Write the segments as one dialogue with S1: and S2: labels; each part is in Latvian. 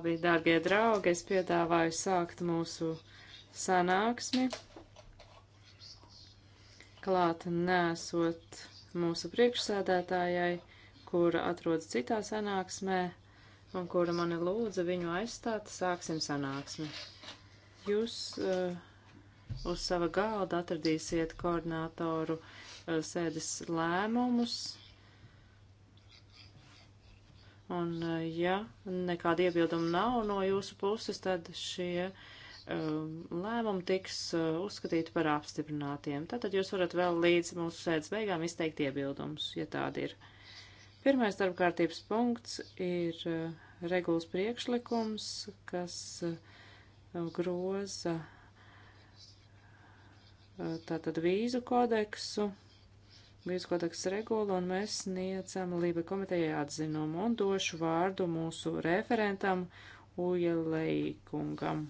S1: Labi, dārgie draugi, es piedāvāju sākt mūsu sanāksmi. Klāt nesot mūsu priekšsēdētājai, kura atrodas citā sanāksmē un kura mani lūdza viņu aizstāt, sāksim sanāksmi. Jūs uh, uz sava galda atradīsiet koordinātoru uh, sēdes lēmumus, Un eh, ja nekāda iebilduma nav no jūsu puses, tad šie ehm, lēmumi tiks eh, uzskatīti par apstiprinātiem. Tātad jūs varat vēl līdz mūsu sēdes beigām izteikt iebildumus, ja tādi ir. Pirmais darbkārtības punkts ir eh, regulas priekšlikums, kas groza tātad vīzu kodeksu Vīdes kodeks regula, un mēs sniedzam Lība komitejai atzinumu un došu vārdu mūsu referentam Ujelei kungam.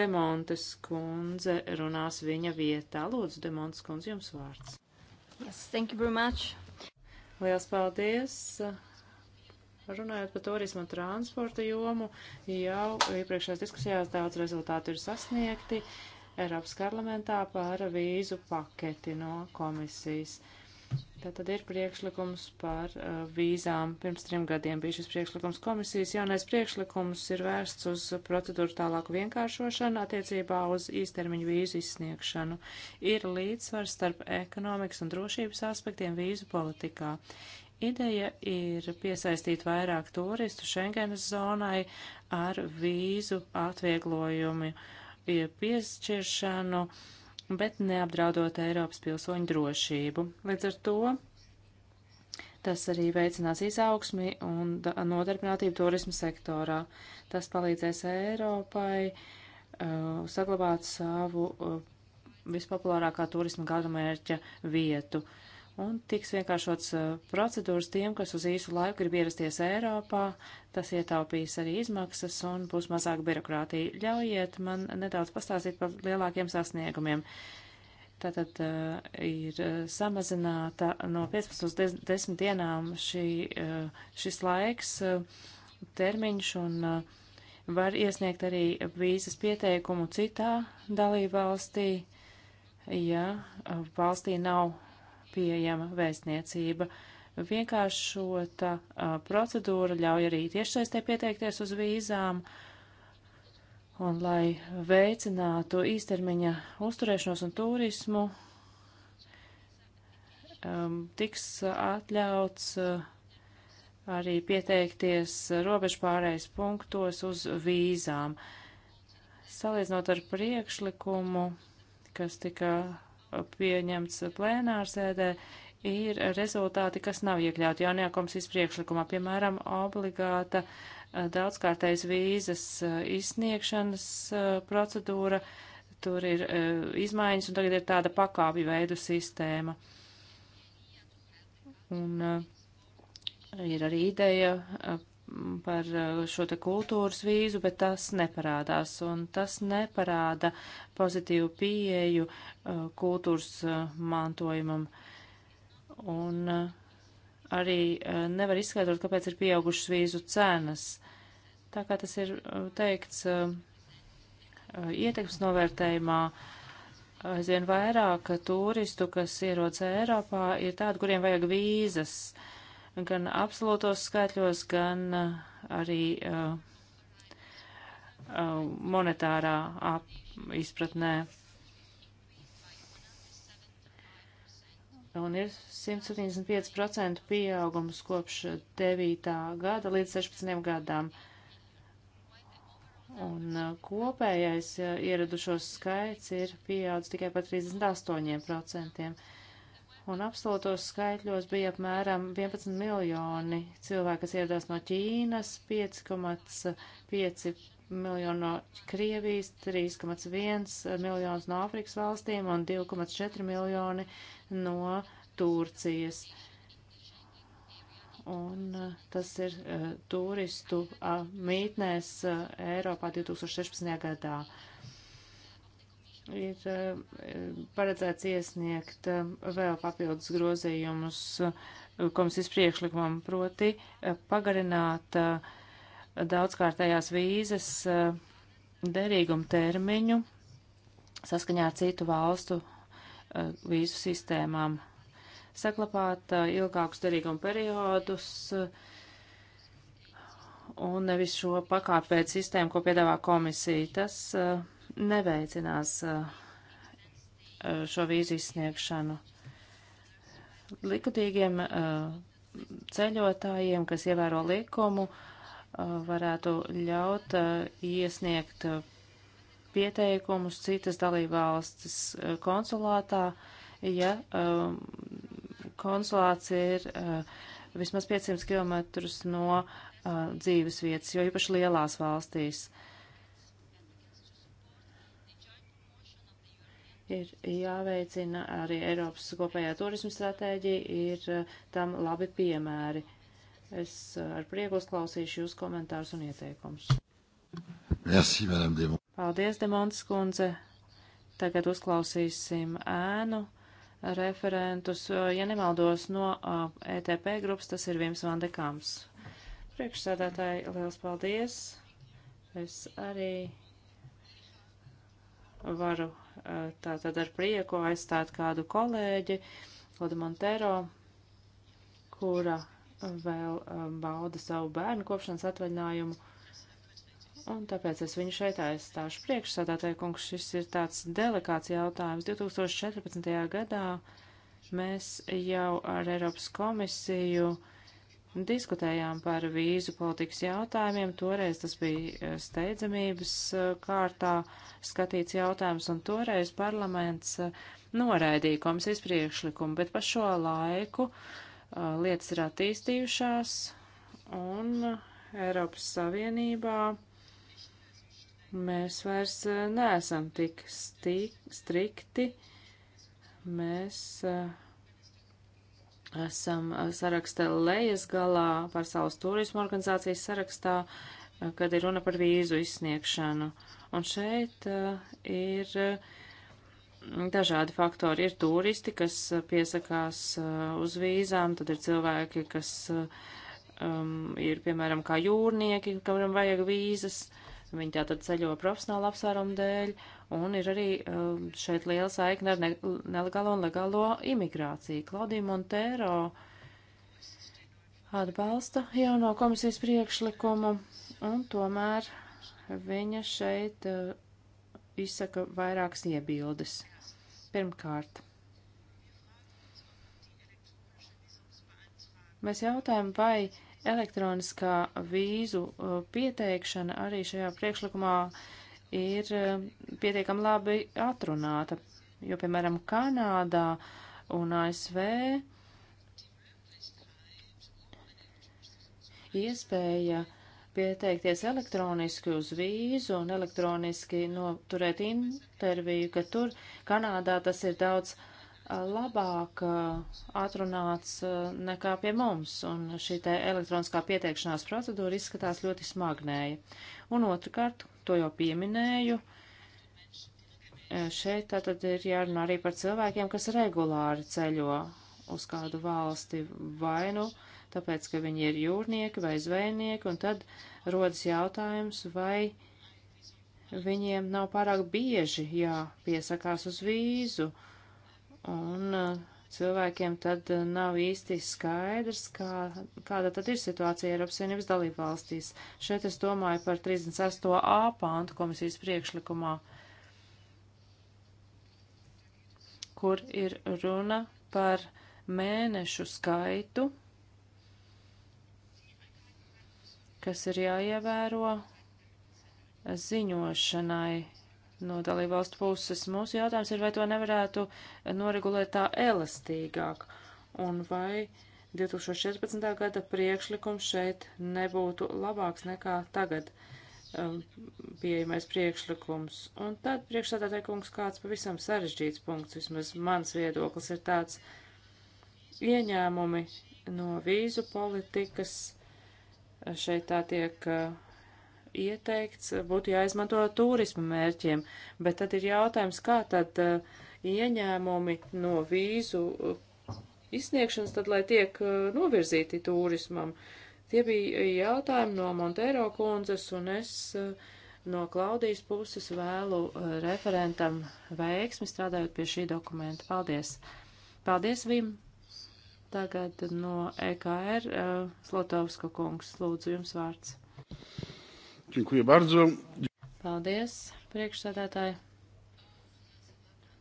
S1: Demontes kundze runās viņa vietā. Lūdzu, Demontes kundze, jums vārds. Yes, thank you very much. Liels paldies. Runājot par turismu un transporta jomu, jau iepriekšējās diskusijās daudz rezultātu ir sasniegti. Uh, Eiropas parlamentā par vīzu paketi no komisijas. Tātad ir priekšlikums par uh, vīzām. Pirms trim gadiem bija šis priekšlikums komisijas. Jaunais priekšlikums ir vērsts uz procedūru tālāku vienkāršošanu attiecībā uz īstermiņu vīzu izsniegšanu. Ir līdzsvars starp ekonomikas un drošības aspektiem vīzu politikā. Ideja ir piesaistīt vairāk turistu Schengenas zonai ar vīzu atvieglojumu. Uh, piešķiršanu, bet neapdraudot Eiropas pilsoņu drošību. Līdz ar to tas arī veicinās izaugsmi un nodarbinātību turismu sektorā. Tas palīdzēs Eiropai uh, saglabāt savu uh, vispopulārākā turisma galamērķa vietu. Uh, un tiks vienkāršots uh, procedūras tiem, kas uz īsu laiku grib ierasties Eiropā. Tas ietaupīs arī izmaksas un būs mazāk birokrātija. Ļaujiet man nedaudz pastāstīt par lielākiem sasniegumiem. Tātad uh, ir uh, samazināta no 15 uz 10 dienām šī, uh, šis laiks, uh, termiņš un uh, var iesniegt arī vīzas pieteikumu citā dalībvalstī, ja uh, valstī nav pieejama vēstniecība. Vienkāršota procedūra ļauj arī tiešsaistē pieteikties uz vīzām. Un, lai veicinātu īstermiņa uzturēšanos un turismu, um, tiks atļauts uh, arī pieteikties robežpārējais punktos uz vīzām. Salīdzinot ar priekšlikumu, kas tika pieņemts plēnārsēdē, ir rezultāti, kas nav iekļauti jaunajā komisijas priekšlikumā, piemēram, obligāta daudzkārtējas vīzas izsniegšanas procedūra, tur ir izmaiņas un tagad ir tāda pakāpju veidu sistēma. Un ir arī ideja par eh, šo te kultūras vīzu, bet tas neparādās, un tas neparāda pozitīvu pieeju eh, kultūras eh, mantojumam. Un arī nevar izskaidrot, kāpēc ir pieaugušas vīzu cenas. Tā kā tas ir teikts ietekmes novērtējumā, aizvien vairāk turistu, kas ierodas Eiropā, ir tādi, kuriem vajag vīzas. Uh, gan absolūtos skaitļos, gan uh, arī uh, uh, monetārā izpratnē. un ir 175% pieaugums kopš 9. gada līdz 16. gadām. Un kopējais ieradušos skaits ir pieaudzis tikai par 38% un absolūtos skaitļos bija apmēram 11 miljoni cilvēki, kas ieradās no Ķīnas, 5,5 miljoni no Krievijas, 3,1 miljonus no Āfrikas valstīm un 2,4 miljoni no Turcijas. Un eh, tas ir uh, turistu uh, mītnēs uh, Eiropā 2016. gadā. Uh, ir eh, paredzēts iesniegt eh, vēl papildus grozījumus eh, komisijas priekšlikumam, proti pagarināt daudzkārtējās vīzes derīgumu termiņu saskaņā ar citu valstu vīzu sistēmām, saklabāt ilgākus derīgumu periodus un nevis šo pakāpēt sistēmu, ko piedāvā komisija. Tas uh, neveicinās eh, eh, šo vīzu izsniegšanu. Likutīgiem eh, ceļotājiem, kas ievēro likumu, varētu ļaut iesniegt pieteikumus citas dalībvalstis konsulātā, ja konsulāts ir vismaz 500 km no dzīves vietas, jo īpaši lielās valstīs. Uh, ir jāveicina arī Eiropas kopējā turismu stratēģija, ir eh, tam labi piemēri. Es eh, ar prieku uzklausīšu jūs komentārus un ieteikumus.
S2: Merci, Madame Demont.
S1: Paldies, Demons kundze. Tagad uzklausīsim ēnu referentus. Eh, ja nemaldos no ETP e grupas, tas ir Vims Vandekams. Priekšsēdētāji, liels paldies. Es arī varu tātad ar prieku aizstāt kādu kolēģi, Lodu Montero, kura vēl um, bauda savu bērnu kopšanas atvaļinājumu. Un tāpēc es viņu šeit aizstāšu priekšsādātāju kungs. Šis ir tāds delikāts jautājums. 2014. gadā mēs jau ar Eiropas komisiju uh, diskutējām par vīzu politikas jautājumiem. Toreiz tas bija eh, steidzamības eh, kārtā skatīts jautājums, un toreiz parlaments eh, noraidīja komisijas priekšlikumu, bet pa šo laiku lietas ir attīstījušās, un Eiropas Savienībā mēs vairs neesam tik sti strikti. Mēs uh, esam saraksta lejas galā, pasaules turismu organizācijas sarakstā, kad ir runa par vīzu izsniegšanu. Un šeit ir dažādi faktori. Ir turisti, kas piesakās uz vīzām, tad ir cilvēki, kas um, ir, piemēram, kā jūrnieki, kuram vajag vīzas. Uh, Viņi tātad ceļo profesionāla apsvērumu dēļ, un ir arī um, šeit liela saikne ar ne nelegālo un legālo imigrāciju. Klaudija Montero atbalsta jauno komisijas priekšlikumu, un tomēr viņa šeit uh, izsaka vairākas iebildes. Pirmkārt, mēs jautājam, vai Elektroniskā vīzu uh, pieteikšana arī šajā priekšlikumā ir uh, pietiekami labi atrunāta, jo, piemēram, Kanādā un ASV iespēja pieteikties elektroniski uz vīzu un elektroniski noturēt interviju, ka tur Kanādā tas ir daudz labāk atrunāts nekā pie mums, un šī te elektroniskā pieteikšanās procedūra izskatās ļoti smagnēja. Un otrkārt, to jau pieminēju, šeit tātad ir jārunā arī par cilvēkiem, kas regulāri ceļo uz kādu valsti vainu, tāpēc, ka viņi ir jūrnieki vai zvejnieki, un tad rodas jautājums, vai viņiem nav pārāk bieži jāpiesakās uz vīzu, uh, un eh, cilvēkiem tad eh, nav īsti skaidrs, kā, kāda tad ir situācija Eiropas Savienības dalību valstīs. Šeit es domāju par 36. A pāntu komisijas priekšlikumā, kur ir runa par mēnešu skaitu, kas ir jāievēro ziņošanai no dalībvalstu puses. Mūsu jautājums ir, vai to nevarētu noregulēt tā elastīgāk, un vai 2014. gada priekšlikums šeit nebūtu labāks nekā tagad um, pieejamais priekšlikums. Un tad priekšstādātāja kungs kāds pavisam sarežģīts punkts, vismaz mans viedoklis ir tāds ieņēmumi no vīzu politikas. Šeit tā tiek uh, ieteikts, eh, būtu jāizmanto turismu mērķiem, bet tad ir jautājums, kā tad eh, ieņēmumi no vīzu eh, izsniegšanas, tad lai tiek novirzīti turismam. Tie bija jautājumi no Montero kundzes, un es no Klaudijas puses vēlu referentam veiksmi strādājot pie šī dokumenta. Paldies! Paldies, Vim! Tagad no EKR Slotovska kungs, lūdzu, jums vārds.
S3: Dziękuję bardzo.
S1: Paldies, priekšsēdētāji.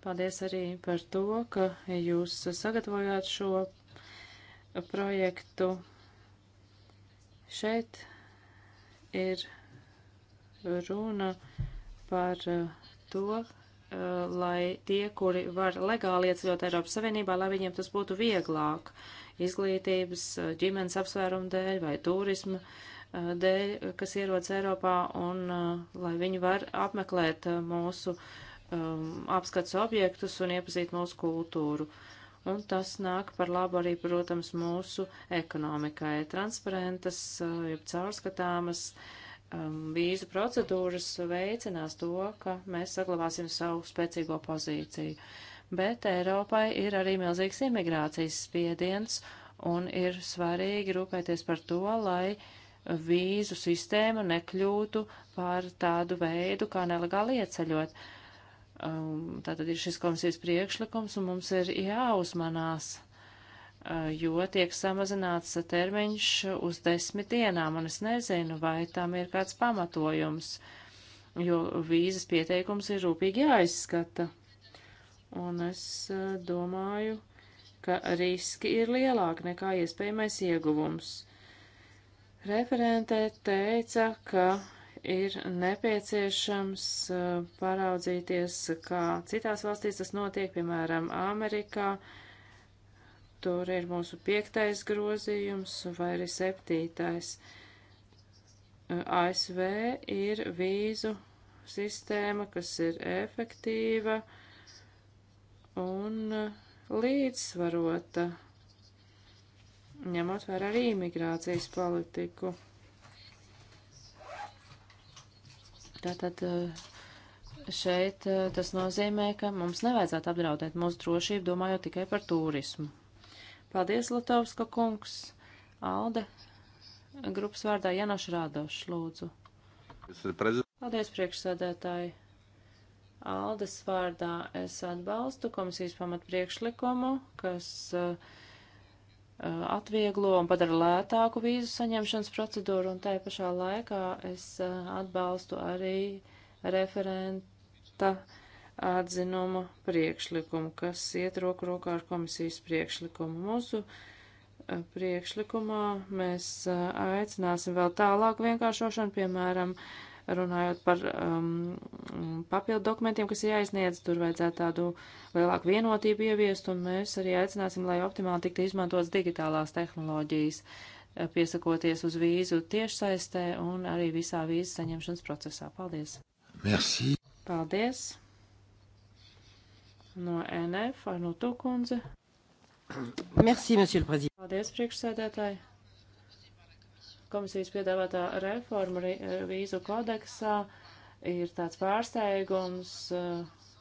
S1: Paldies arī par to, ka jūs sagatavojāt šo projektu. Šeit ir runa par to, lai tie, kuri var legāli ieceļot Eiropas Savienībā, lai viņiem tas būtu vieglāk izglītības, ģimenes apsvērumu dēļ vai turisma uh, Eh, dēļ, kas ierodas Eiropā, un eh, lai viņi var apmeklēt eh, mūsu um, apskats objektus un iepazīt mūsu kultūru. Un tas nāk par labu arī, protams, mūsu ekonomikai. Transparentas, jeb caurskatāmas um, vīzu procedūras veicinās to, ka mēs saglabāsim savu spēcīgo pozīciju. Bet Eiropai ir arī milzīgs imigrācijas spiediens un ir svarīgi rūpēties par to, lai uh, vīzu sistēma nekļūtu par tādu veidu, kā nelegāli ieceļot. Um, tātad ir šis komisijas priekšlikums, un mums ir jāuzmanās, uh, jo tiek samazināts termiņš uz desmit dienām, un es nezinu, vai tam ir kāds pamatojums, jo vīzas pieteikums ir rūpīgi jāizskata. Un es uh, domāju, ka riski ir lielāki nekā iespējamais ieguvums. Uh, Referentē teica, ka ir nepieciešams eh, paraudzīties, kā citās valstīs tas notiek, piemēram, Amerikā. Tur ir mūsu piektais grozījums vai arī septītais. Eh, ASV ir vīzu sistēma, kas ir efektīva un eh, līdzsvarota ņemot vērā arī imigrācijas politiku. Tātad eh, šeit eh, tas nozīmē, ka mums nevajadzētu apdraudēt mūsu drošību, domājot tikai par turismu. Paldies, Latovska kungs! Alde, grupas vārdā Janoš Rādošs, lūdzu. Paldies, priekšsēdētāji! Aldes vārdā es atbalstu komisijas pamatpriekšlikumu, kas uh, atvieglo un padara lētāku vīzu saņemšanas procedūru, un tajā pašā laikā es eh, atbalstu arī referenta atzinumu priekšlikumu, kas iet roku rokā ar komisijas priekšlikumu. Mūsu eh, priekšlikumā mēs eh, aicināsim vēl tālāk vienkāršošanu, piemēram, uh, runājot par um, papildu dokumentiem, kas ir jāizniedz, tur vajadzētu tādu lielāku vienotību ieviest, un mēs arī aicināsim, lai optimāli tiktu izmantotas digitālās tehnoloģijas, eh, piesakoties uz vīzu tiešsaistē un arī visā vīzu saņemšanas procesā. Paldies! Merci! Paldies! No NF, Arnotu kundze. Merci, monsieur le président. Paldies, priekšsēdētāji. Komisijas piedāvātā reforma eh, vīzu kodeksā ir tāds pārsteigums eh,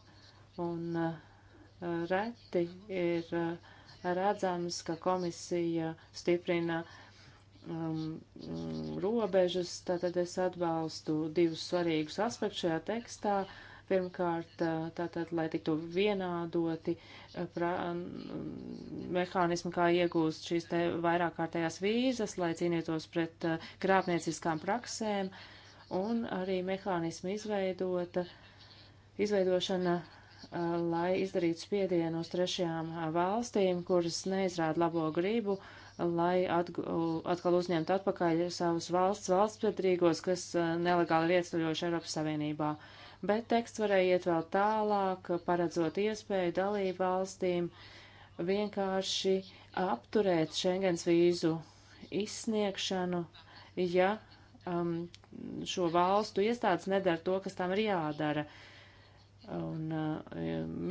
S1: un eh, reti ir redzams, ka komisija stiprina um, mm, robežas, tātad es atbalstu divus svarīgus aspektus šajā tekstā. Uh, Pirmkārt, tātad, lai tiktu vienādoti pra, mehānismi, kā iegūst šīs te vairākārtējās vīzas, lai cīnītos pret krāpnieciskām praksēm, un arī mehānismi izveidota, izveidošana lai izdarītu spiedienu uz trešajām valstīm, kuras neizrāda labo gribu, lai atgu, atkal uzņemtu atpakaļ savus valsts valsts pietrīgos, kas nelegāli ir ieceļojuši Eiropas Savienībā bet teksts varēja iet vēl tālāk, paredzot iespēju dalību valstīm vienkārši apturēt Schengens vīzu izsniegšanu, ja um, šo valstu iestādes nedara to, kas tam ir jādara. Un uh,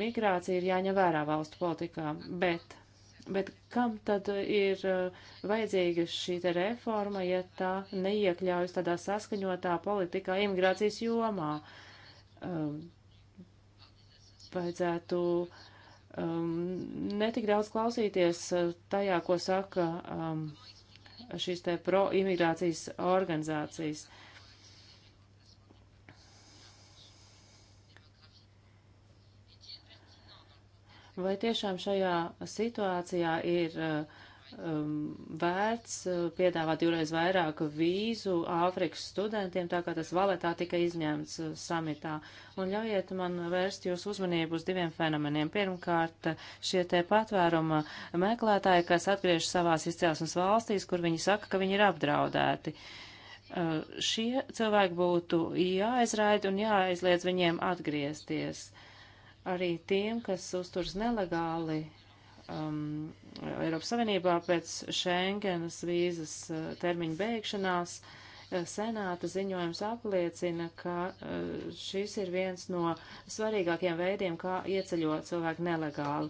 S1: migrācija ir jāņem vērā valstu politikā, bet Bet kam tad ir uh, vajadzīga šī te reforma, ja tā neiekļaujas tādā saskaņotā politikā imigrācijas jomā? um, vajadzētu um, netik daudz klausīties uh, tajā, ko saka um, šīs te pro-imigrācijas organizācijas. Vai tiešām šajā situācijā ir uh, um, vērts uh, piedāvāt divreiz vairāk vīzu Āfrikas studentiem, tā kā tas valetā tika izņemts uh, samitā. Un ļaujiet man vērst jūs uzmanību uz diviem fenomeniem. Pirmkārt, šie te patvēruma meklētāji, kas atgriež savās izcelsmes valstīs, kur viņi saka, ka viņi ir apdraudēti. Uh, šie cilvēki būtu jāizraida un jāaizliedz viņiem atgriezties. Arī tiem, kas uzturs nelegāli um, Eiropas Savienībā pēc Schengenas vīzas uh, termiņa beigšanās. Uh, senāta ziņojums apliecina, ka uh, šis ir viens no svarīgākiem veidiem, kā ieceļot cilvēku nelegāli.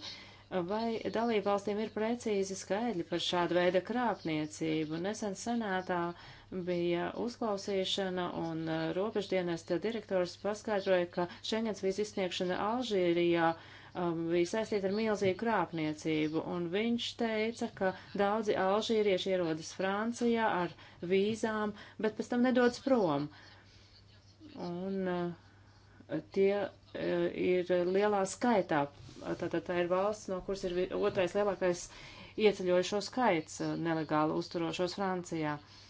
S1: Vai dalībvalstīm ir precīzi skaidri par šādu veidu krāpniecību? Nesen senātā bija uzklausīšana un uh, robeždienesta direktors paskaidroja, ka Šengens vīzu izsniegšana Alžīrijā uh, Um, bija saistīta ar milzīgu krāpniecību, un viņš teica, ka daudzi alžīrieši ierodas Francijā ar vīzām, bet pēc tam nedodas prom. Un uh, tie uh, ir lielā skaitā. Tātad tā ir valsts, no kuras ir otrais lielākais ieceļojušo skaits uh, nelegāli uzturošos Francijā. Uh,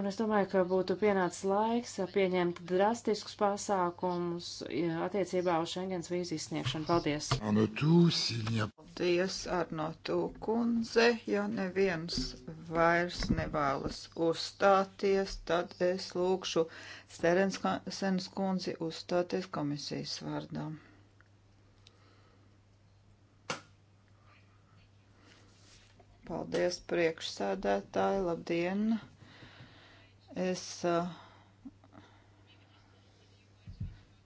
S1: Un es domāju, ka būtu pienācis laiks pieņemt drastiskus pasākumus attiecībā uz Schengens vīzu izsniegšanu. Paldies! Paldies, Arnotu kundze.
S3: Ja neviens vairs nevēlas uzstāties, tad es lūkšu Serenas kundzi uzstāties komisijas vārdā. Paldies, priekšsēdētāji, labdien! Es uh,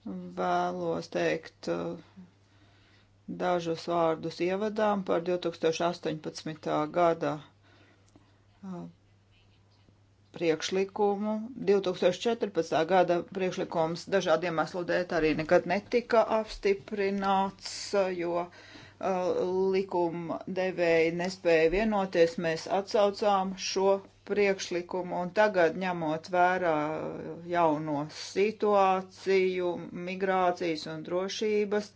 S3: vēlos teikt uh, dažus vārdus ievadām par 2018. gada uh, priekšlikumu. 2014. gada priekšlikums dažādiem iemeslu dēļ arī nekad netika apstiprināts, jo likuma devēji nespēja vienoties. Mēs atsaucām šo priekšlikumu, un tagad ņemot vērā jauno situāciju, migrācijas un drošības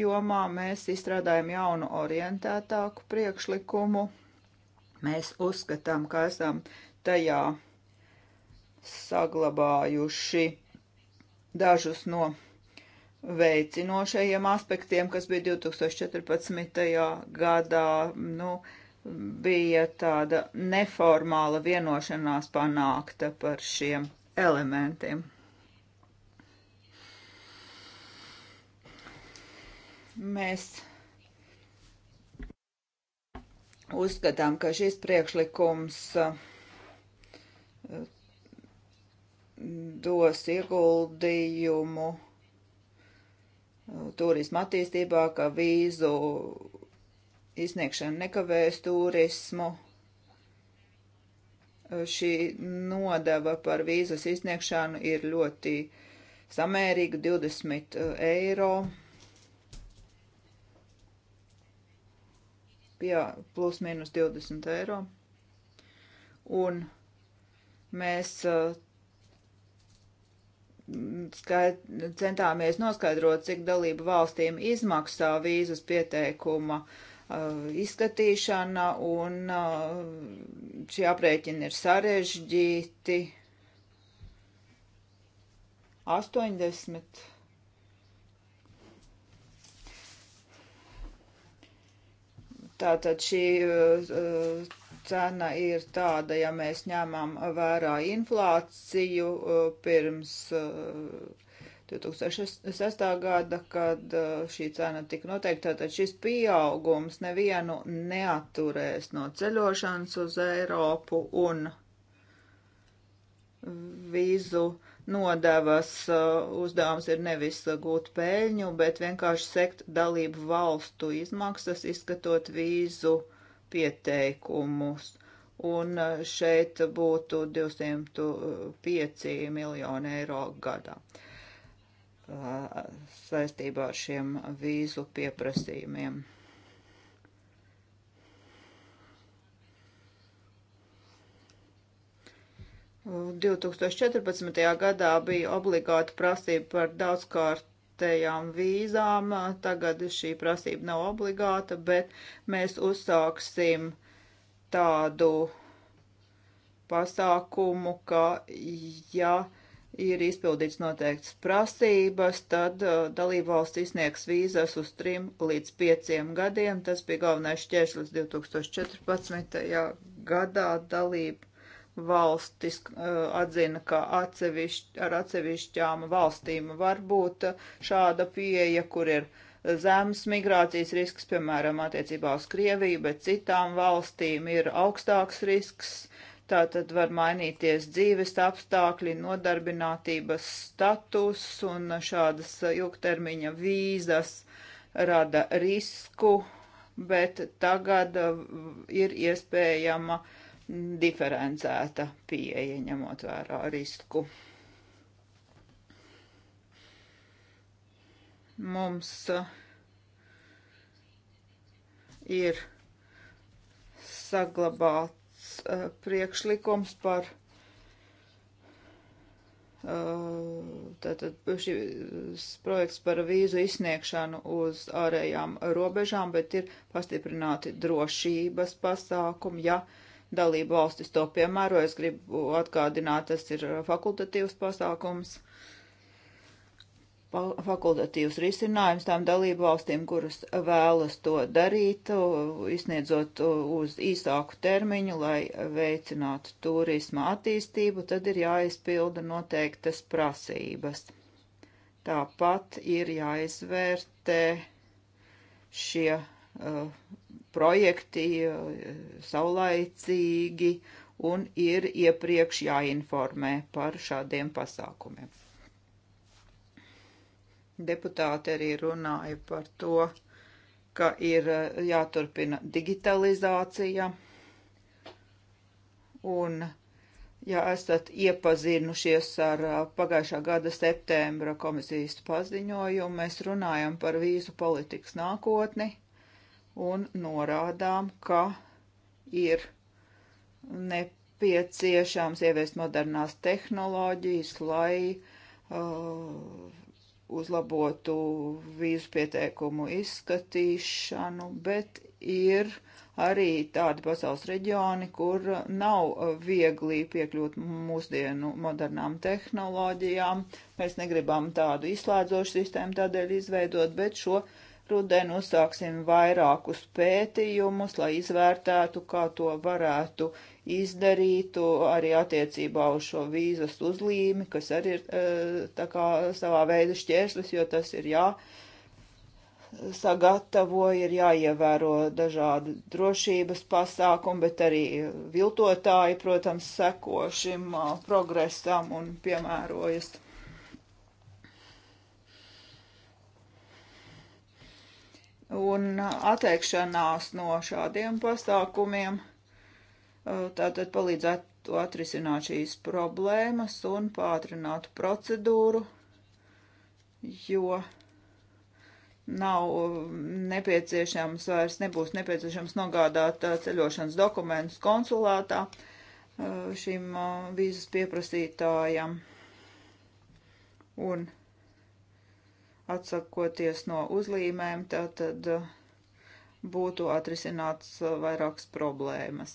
S3: jomā, mēs izstrādājam jaunu orientētāku priekšlikumu. Mēs uzskatām, ka esam tajā saglabājuši dažus no veicinošajiem aspektiem, kas bija 2014. gadā. Nu, uh, bija tāda neformāla vienošanās panākta par šiem elementiem. Mēs uzskatām, ka šis priekšlikums uh, dos ieguldījumu turisma attīstībā, ka vīzu izniegšana nekavēs turismu. Šī nodeva par vīzas izniegšanu ir ļoti samērīga - 20 eiro. Pie plus mīnus 20 eiro. Un mēs skait, centāmies noskaidrot, cik dalību valstīm izmaksā vīzas pieteikuma uh, Uh, izskatīšana, un uh, šie aprēķini ir sarežģīti. 80. Tātad šī uh, cena ir tāda, ja mēs ņemam vērā inflāciju pirms uh, 2006. gada, kad uh, šī cena tika noteikta, tad šis pieaugums nevienu neaturēs no ceļošanas uz Eiropu un vīzu nodevas uh, uzdevums ir nevis gūt peļņu, bet vienkārši sekt dalību valstu izmaksas, izskatot vīzu pieteikumus. Un uh, šeit būtu 205 miljoni eiro gadā. Uh, saistībā ar šiem vīzu pieprasījumiem. Un 2014. gadā bija obligāta prasība par daudzkārtējām vīzām. Tagad šī prasība nav obligāta, bet mēs uzsāksim tādu pasākumu, ka ja uh, ir izpildīts noteikts prasības, tad uh, dalībvalsts izsniegs vīzas uz 3 līdz 5 gadiem. Tas bija galvenais šķēršļis 2014. gadā dalību valstis uh, atzina, ka atsevišķ, ar atsevišķām valstīm var būt uh, šāda pieeja, kur ir zemes migrācijas risks, piemēram, attiecībā uz Krieviju, bet citām valstīm ir augstāks risks Tā tad var mainīties dzīves apstākļi, nodarbinātības status un šādas ilgtermiņa vīzas rada risku, bet tagad uh, ir iespējama diferencēta pieeja ņemot vērā risku. Mums uh, ir saglabāt uh, priekšlikums par uh, tātad šis projekts par vīzu izsniegšanu uz ārējām robežām, bet ir pastiprināti drošības pasākumi, ja dalību valstis to piemēro. Es gribu atgādināt, tas ir fakultatīvs pasākums. Uh, fakultatīvs risinājums tām dalību valstīm, kuras vēlas to darīt, izsniedzot uz īsāku termiņu, lai veicinātu turisma attīstību, tad ir jāizpilda noteiktas prasības. Tāpat ir jāizvērtē šie uh, projekti uh, saulaicīgi un ir iepriekš jāinformē par šādiem pasākumiem. Deputāti arī runāja par to, ka ir eh, jāturpina digitalizācija un Ja esat iepazinušies ar eh, pagājušā gada septembra komisijas paziņojumu, mēs runājam par vīzu politikas nākotni un norādām, ka ir nepieciešams ieviest modernās tehnoloģijas, lai uh, uzlabotu vīzu pieteikumu izskatīšanu, bet ir arī tādi pasaules reģioni, kur nav viegli piekļūt mūsdienu modernām tehnoloģijām. Mēs negribam tādu izslēdzošu sistēmu tādēļ izveidot, bet šo uh, Ruden uzsāksim vairākus pētījumus, lai izvērtētu, kā to varētu izdarīt arī attiecībā uz šo vīzas uzlīmi, kas arī ir e, tā kā savā veida šķērslis, jo tas ir jā sagatavo, ir jāievēro dažādi drošības pasākumi, bet arī viltotāji, protams, seko šim progresam un piemērojas un atteikšanās no šādiem pasākumiem tātad palīdzētu atrisināt šīs problēmas un pātrināt procedūru, jo nav nepieciešams, vairs nebūs nepieciešams nogādāt ceļošanas dokumentus konsulātā šim vīzas pieprasītājam. Un atsakoties no uzlīmēm, tātad eh, būtu atrisināts eh, vairākas problēmas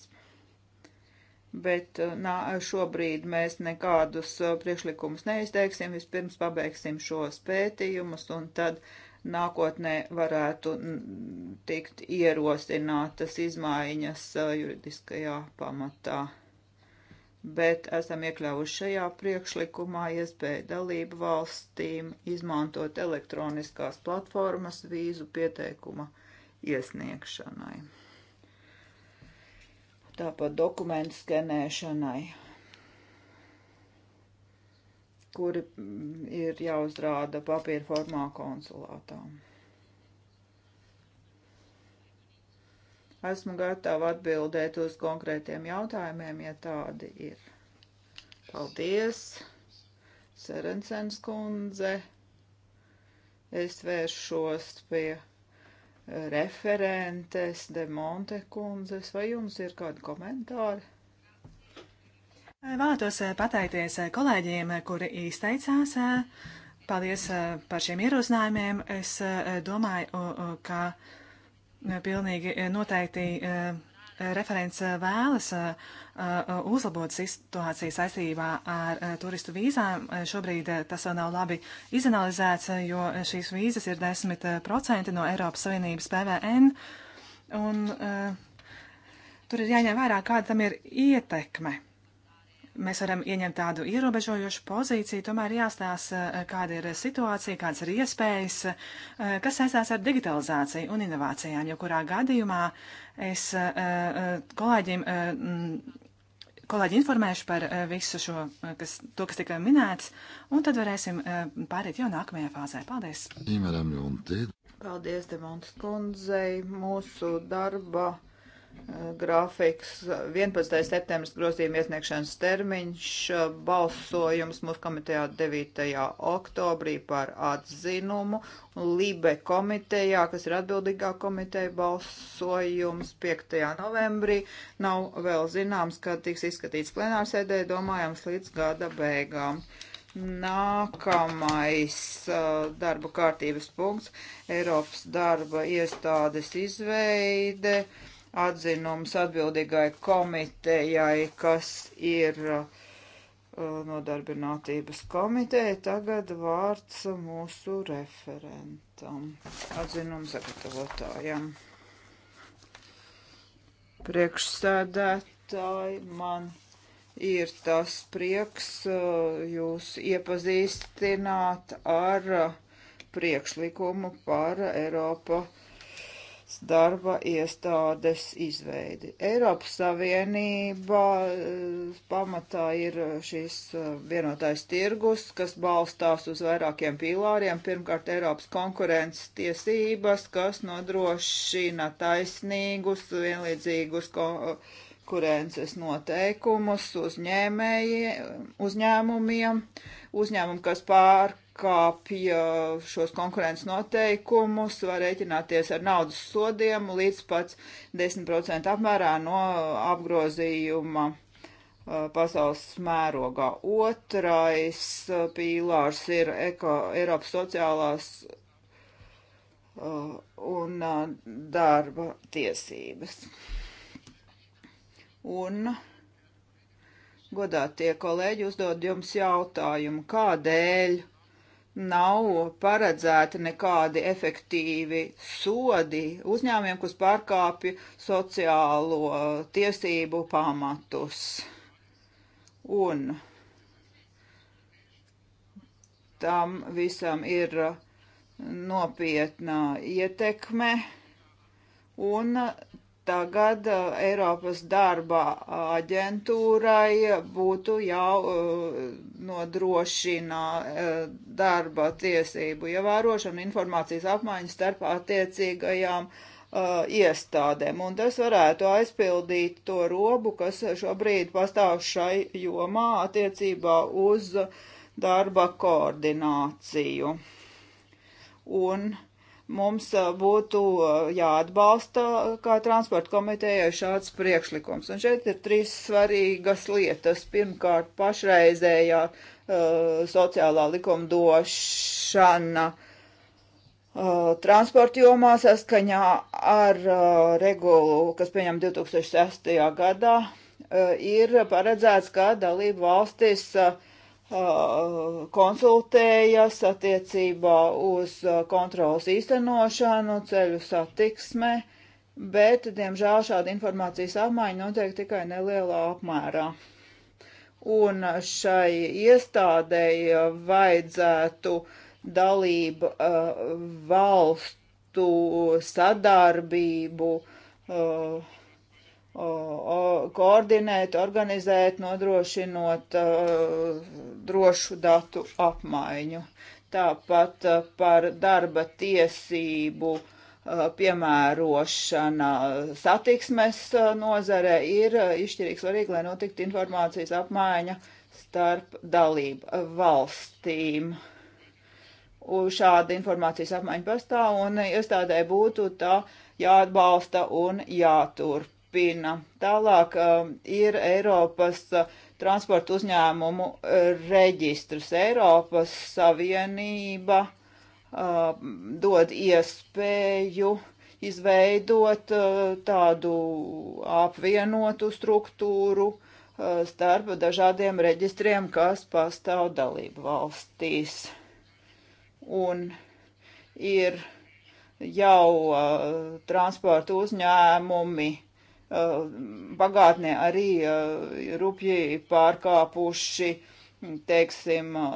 S3: bet eh, nā, šobrīd mēs nekādus priekšlikumus neizteiksim. Vispirms pabeigsim šos pētījumus, un tad nākotnē varētu tikt ierosinātas izmaiņas juridiskajā pamatā bet esam iekļāvuši šajā priekšlikumā iespēju dalību valstīm izmantot elektroniskās platformas vīzu pieteikuma iesniegšanai. Tāpat dokumentu skenēšanai, kuri mm, ir jāuzrāda papīra formā konsulātām. Esmu gatava atbildēt uz konkrētiem jautājumiem, ja tādi ir. Paldies, Serencens kundze. Es vēršos pie eh, referentes de Monte kundzes. Vai jums ir kādi komentāri?
S2: Vēlētos eh, pateikties eh, kolēģiem, kuri izteicās. Paldies par šiem ierosinājumiem. Es domāju, ka Pilnīgi eh, noteikti eh, referents eh, vēlas uzlabot situāciju saistībā ar turistu vīzām. Šobrīd tas vēl nav labi izanalizēts, jo šīs vīzas ir 10% no Eiropas Savienības PVN. Un, tur ir jāņem vērā, kāda tam ir ietekme mēs varam ieņemt tādu ierobežojošu pozīciju, tomēr jāstāsta, eh, kāda ir situācija, kādas ir iespējas, eh, kas saistās ar digitalizāciju un inovācijām, jo kurā gadījumā es eh, kolēģiem. Mm, kolēģi informēšu par visu šo, kas, to, kas tika minēts, un tad varēsim pāriet jau nākamajā fāzē. Paldies! Paldies,
S3: Demons kundzei!
S2: Mūsu darba grafiks,
S3: 11. septembris grozījuma iesniegšanas termiņš, balsojums mūsu komitejā 9. oktobrī par atzinumu, Libe komitejā, kas ir atbildīgā komiteja, balsojums 5. novembrī. Nav vēl zināms, kad tiks izskatīts plenārsēdē, domājams līdz gada beigām. Nākamais uh, darba kārtības punkts - Eiropas darba iestādes izveide. Uh, atzinums atbildīgai komitejai, kas ir uh, nodarbinātības komiteja. Tagad vārds mūsu referentam, atzinuma sagatavotājam. Priekšsēdētāji, man ir tas prieks uh, jūs iepazīstināt ar uh, priekšlikumu par Eiropas atbalsts darba iestādes izveidi. Eiropas Savienība eh, pamatā ir eh, šis eh, vienotais tirgus, kas balstās uz vairākiem pīlāriem. Pirmkārt, Eiropas konkurences tiesības, kas nodrošina taisnīgus, vienlīdzīgus konkurences noteikumus uzņēmējiem, uzņēmumiem, uzņēmumu, kas pārk pārkāpja šos konkurences noteikumus, var rēķināties ar naudas sodiem līdz pat 10% apmērā no apgrozījuma uh, pasaules mērogā. Otrais uh, pīlārs ir eko, Eiropas sociālās uh, un darba tiesības. Un godātie kolēģi uzdod jums jautājumu, kādēļ uh, nav paredzēti nekādi efektīvi sodi uzņēmiem, kas pārkāpja sociālo uh, tiesību pamatus. Un tam visam ir uh, nopietna ietekme, un uh, tagad uh, Eiropas darba aģentūrai būtu jau uh, nodrošina uh, darba tiesību ievērošanu, informācijas apmaiņu starp attiecīgajām uh, iestādēm. Un tas varētu aizpildīt to robu, kas šobrīd pastāv šai jomā attiecībā uz darba koordināciju. Un uh, mums būtu jāatbalsta kā transporta komitejai šāds priekšlikums. Un šeit ir trīs svarīgas lietas. Pirmkārt, pašreizējā uh, sociālā likumdošana uh, transporta jomā saskaņā ar uh, regulu, kas pieņem 2006. gadā, ir paredzēts, ka dalību valstis uh, Uh, konsultējas attiecībā uz uh, kontrolas īstenošanu ceļu satiksmē, bet, diemžēl, šāda informācijas apmaiņa notiek tikai nelielā apmērā. Un šai iestādēji uh, vajadzētu dalību valstu sadarbību uh, o, o, koordinēt, organizēt, nodrošinot o, drošu datu apmaiņu. Tāpat par darba tiesību piemērošana satiksmes nozare ir izšķirīgi svarīgi, lai notiktu informācijas apmaiņa starp dalību valstīm. Šāda informācijas apmaiņa pastāv un iestādē būtu tā jāatbalsta un jāturp turpina. Tālāk um, ir Eiropas uh, transporta uzņēmumu uh, reģistrs. Eiropas Savienība uh, dod iespēju izveidot uh, tādu apvienotu struktūru uh, starp dažādiem reģistriem, kas pastāv dalību valstīs. Un ir jau uh, transporta uzņēmumi Eh, pagātnē arī eh, rupjī pārkāpuši, teiksim, eh,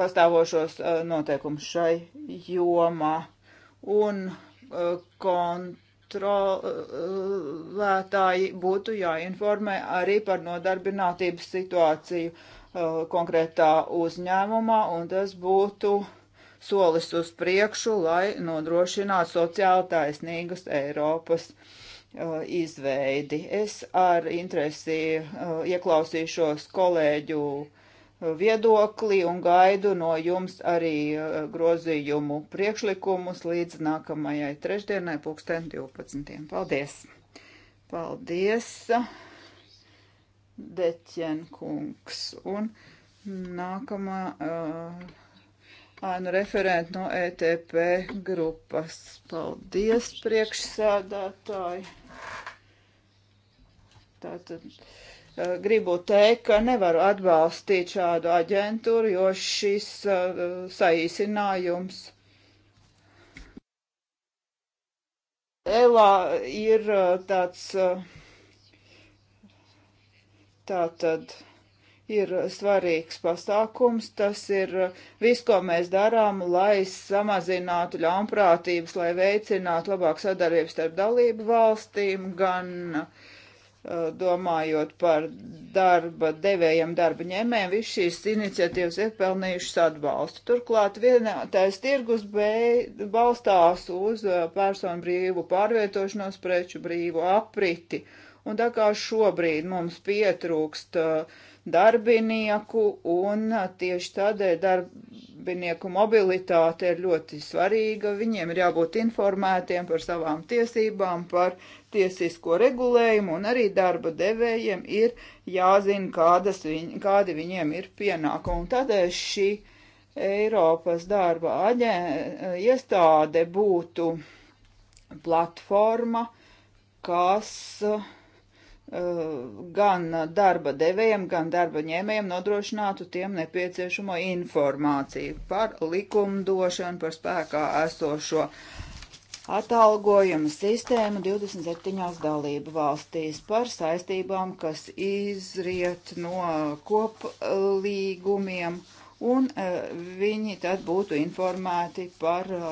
S3: pastāvošos noteikumus šai jomā un kontrolētāji būtu jāinformē arī par nodarbinātības situāciju konkrētā uzņēmumā, un tas būtu solis uz priekšu, lai nodrošinātu sociāli taisnīgas Eiropas uh, Uh, izveidi. Es ar interesi uh, ieklausīšos kolēģu uh, viedoklī un gaidu no jums arī grozījumu priekšlikumus līdz nākamajai trešdienai, pulksten 12. Paldies! Paldies, Deķenkungs! Un nākamā uh, ānu referenta no ETP grupas. Paldies, priekšsēdētāji! Tātad eh, gribu teikt, ka nevaru atbalstīt šādu aģentūru, jo šis uh, saīsinājums Elā ir eh, tāds, tā tad ir svarīgs pasākums, tas ir viss, ko mēs darām, lai samazinātu ļaunprātības, lai veicinātu labāk sadarbības starp dalību valstīm, gan uh, Eh, domājot par darba devējiem, darba ņēmējiem, viss šīs iniciatīvas ir pelnījušas atbalstu. Turklāt vienotājs tirgus balstās uz eh, personu brīvu pārvietošanos, preču brīvu apriti. Un tā kā šobrīd mums pietrūkst uh, darbinieku, un tieši tādēļ darbinieku mobilitāte ir ļoti svarīga. Viņiem ir jābūt informētiem par savām tiesībām, par tiesisko regulējumu, un arī darba devējiem ir jāzina, kādas viņ, kādi viņiem ir pienākumi. Tādēļ šī Eiropas darba aģē, iestāde būtu platforma, kas uh, Eh, gan darba devējiem, gan darba ņēmējiem nodrošinātu tiem nepieciešamo informāciju par likumdošanu, par spēkā esošo atalgojumu sistēmu 27 dalību valstīs par saistībām, kas izriet no koplīgumiem. Uh, un e, viņi tad būtu informēti par e,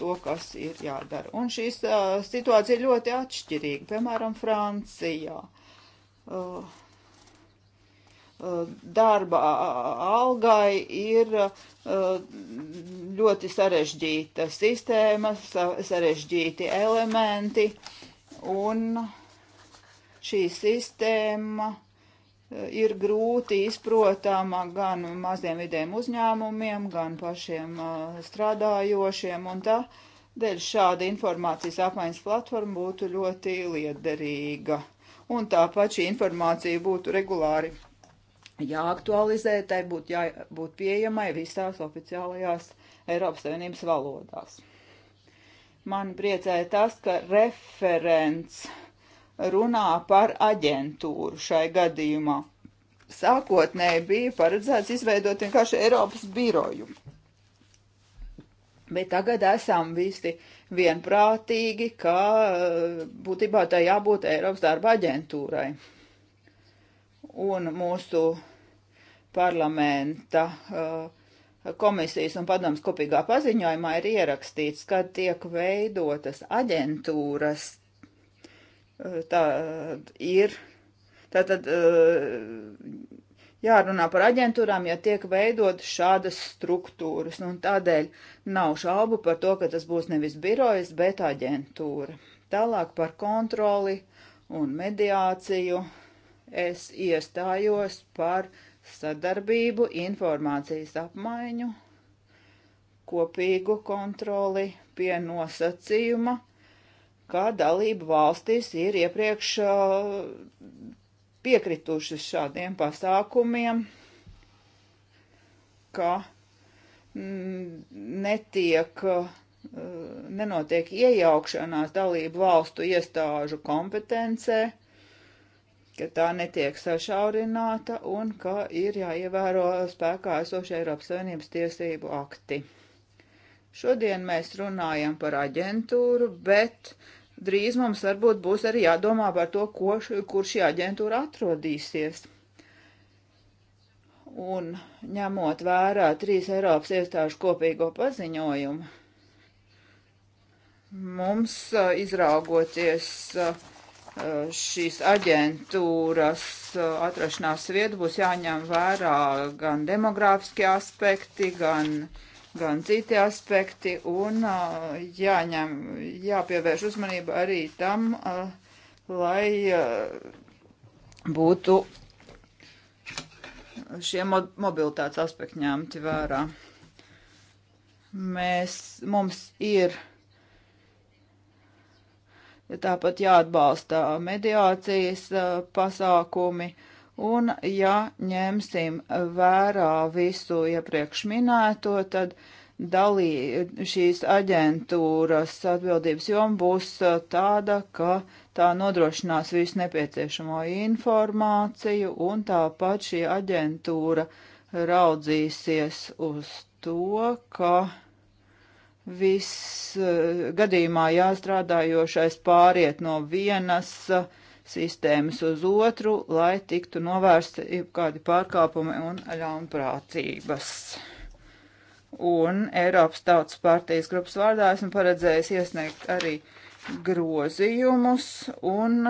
S3: to, kas ir jādara. Un šī e, situācija ir ļoti atšķirīga, piemēram, Francijā. Darba algai ir ļoti sarežģīta sistēma, sarežģīti elementi, un šī sistēma ir grūti izprotama gan maziem vidiem uzņēmumiem, gan pašiem uh, strādājošiem, un tā dēļ šāda informācijas apmaiņas platforma būtu ļoti liederīga. Un tāpat šī informācija būtu regulāri jāaktualizē, tai būtu jābūt pieejamai visās oficiālajās Eiropas Savienības valodās. Man priecēja tas, ka referents runā par aģentūru šai gadījumā. Sākotnēji bija paredzēts izveidot vienkārši Eiropas biroju. Bet tagad esam visi vienprātīgi, ka eh, būtībā tā jābūt Eiropas darba aģentūrai. Un mūsu parlamenta eh, komisijas un padomas kopīgā paziņojumā ir ierakstīts, ka tiek veidotas aģentūras tā ir. Tātad eh, jārunā par aģentūrām, ja tiek veidot šādas struktūras, nu, un tādēļ nav šaubu par to, ka tas būs nevis birojas, bet aģentūra. Tālāk par kontroli un mediāciju es iestājos par sadarbību, informācijas apmaiņu, kopīgu kontroli pie nosacījuma, ka dalību valstis ir iepriekš uh, piekritušas šādiem pasākumiem, ka mm, netiek, uh, nenotiek iejaukšanās dalību valstu iestāžu kompetencē, ka tā netiek sašaurināta un ka ir jāievēro spēkā esošie Eiropas Savienības tiesību akti. Šodien mēs runājam par aģentūru, bet uh, drīz mums varbūt būs arī jādomā par to, ko, kur šī aģentūra atrodīsies. Un ņemot vērā trīs Eiropas iestāžu kopīgo paziņojumu, mums izraugoties šīs aģentūras atrašanās vietu būs jāņem vērā gan demogrāfiskie aspekti, gan uh, gan citi aspekti un jāņem, jāpievērš uzmanība arī tam, lai būtu šie mobilitātes aspekti ņemti vērā. Mēs, mums ir ja tāpat jāatbalsta mediācijas pasākumi Un, ja ņemsim vērā visu iepriekš minēto, tad dalī šīs aģentūras atbildības joma būs uh, tāda, ka tā nodrošinās visu nepieciešamo informāciju, un tāpat šī aģentūra raudzīsies uz to, ka viss uh, gadījumā jāstrādājošais pāriet no vienas uh, sistēmas uz otru, lai tiktu novērsti jebkādi pārkāpumi un ļaunprātības. Un Eiropas Tautas partijas grupas vārdā esmu paredzējis iesniegt arī grozījumus un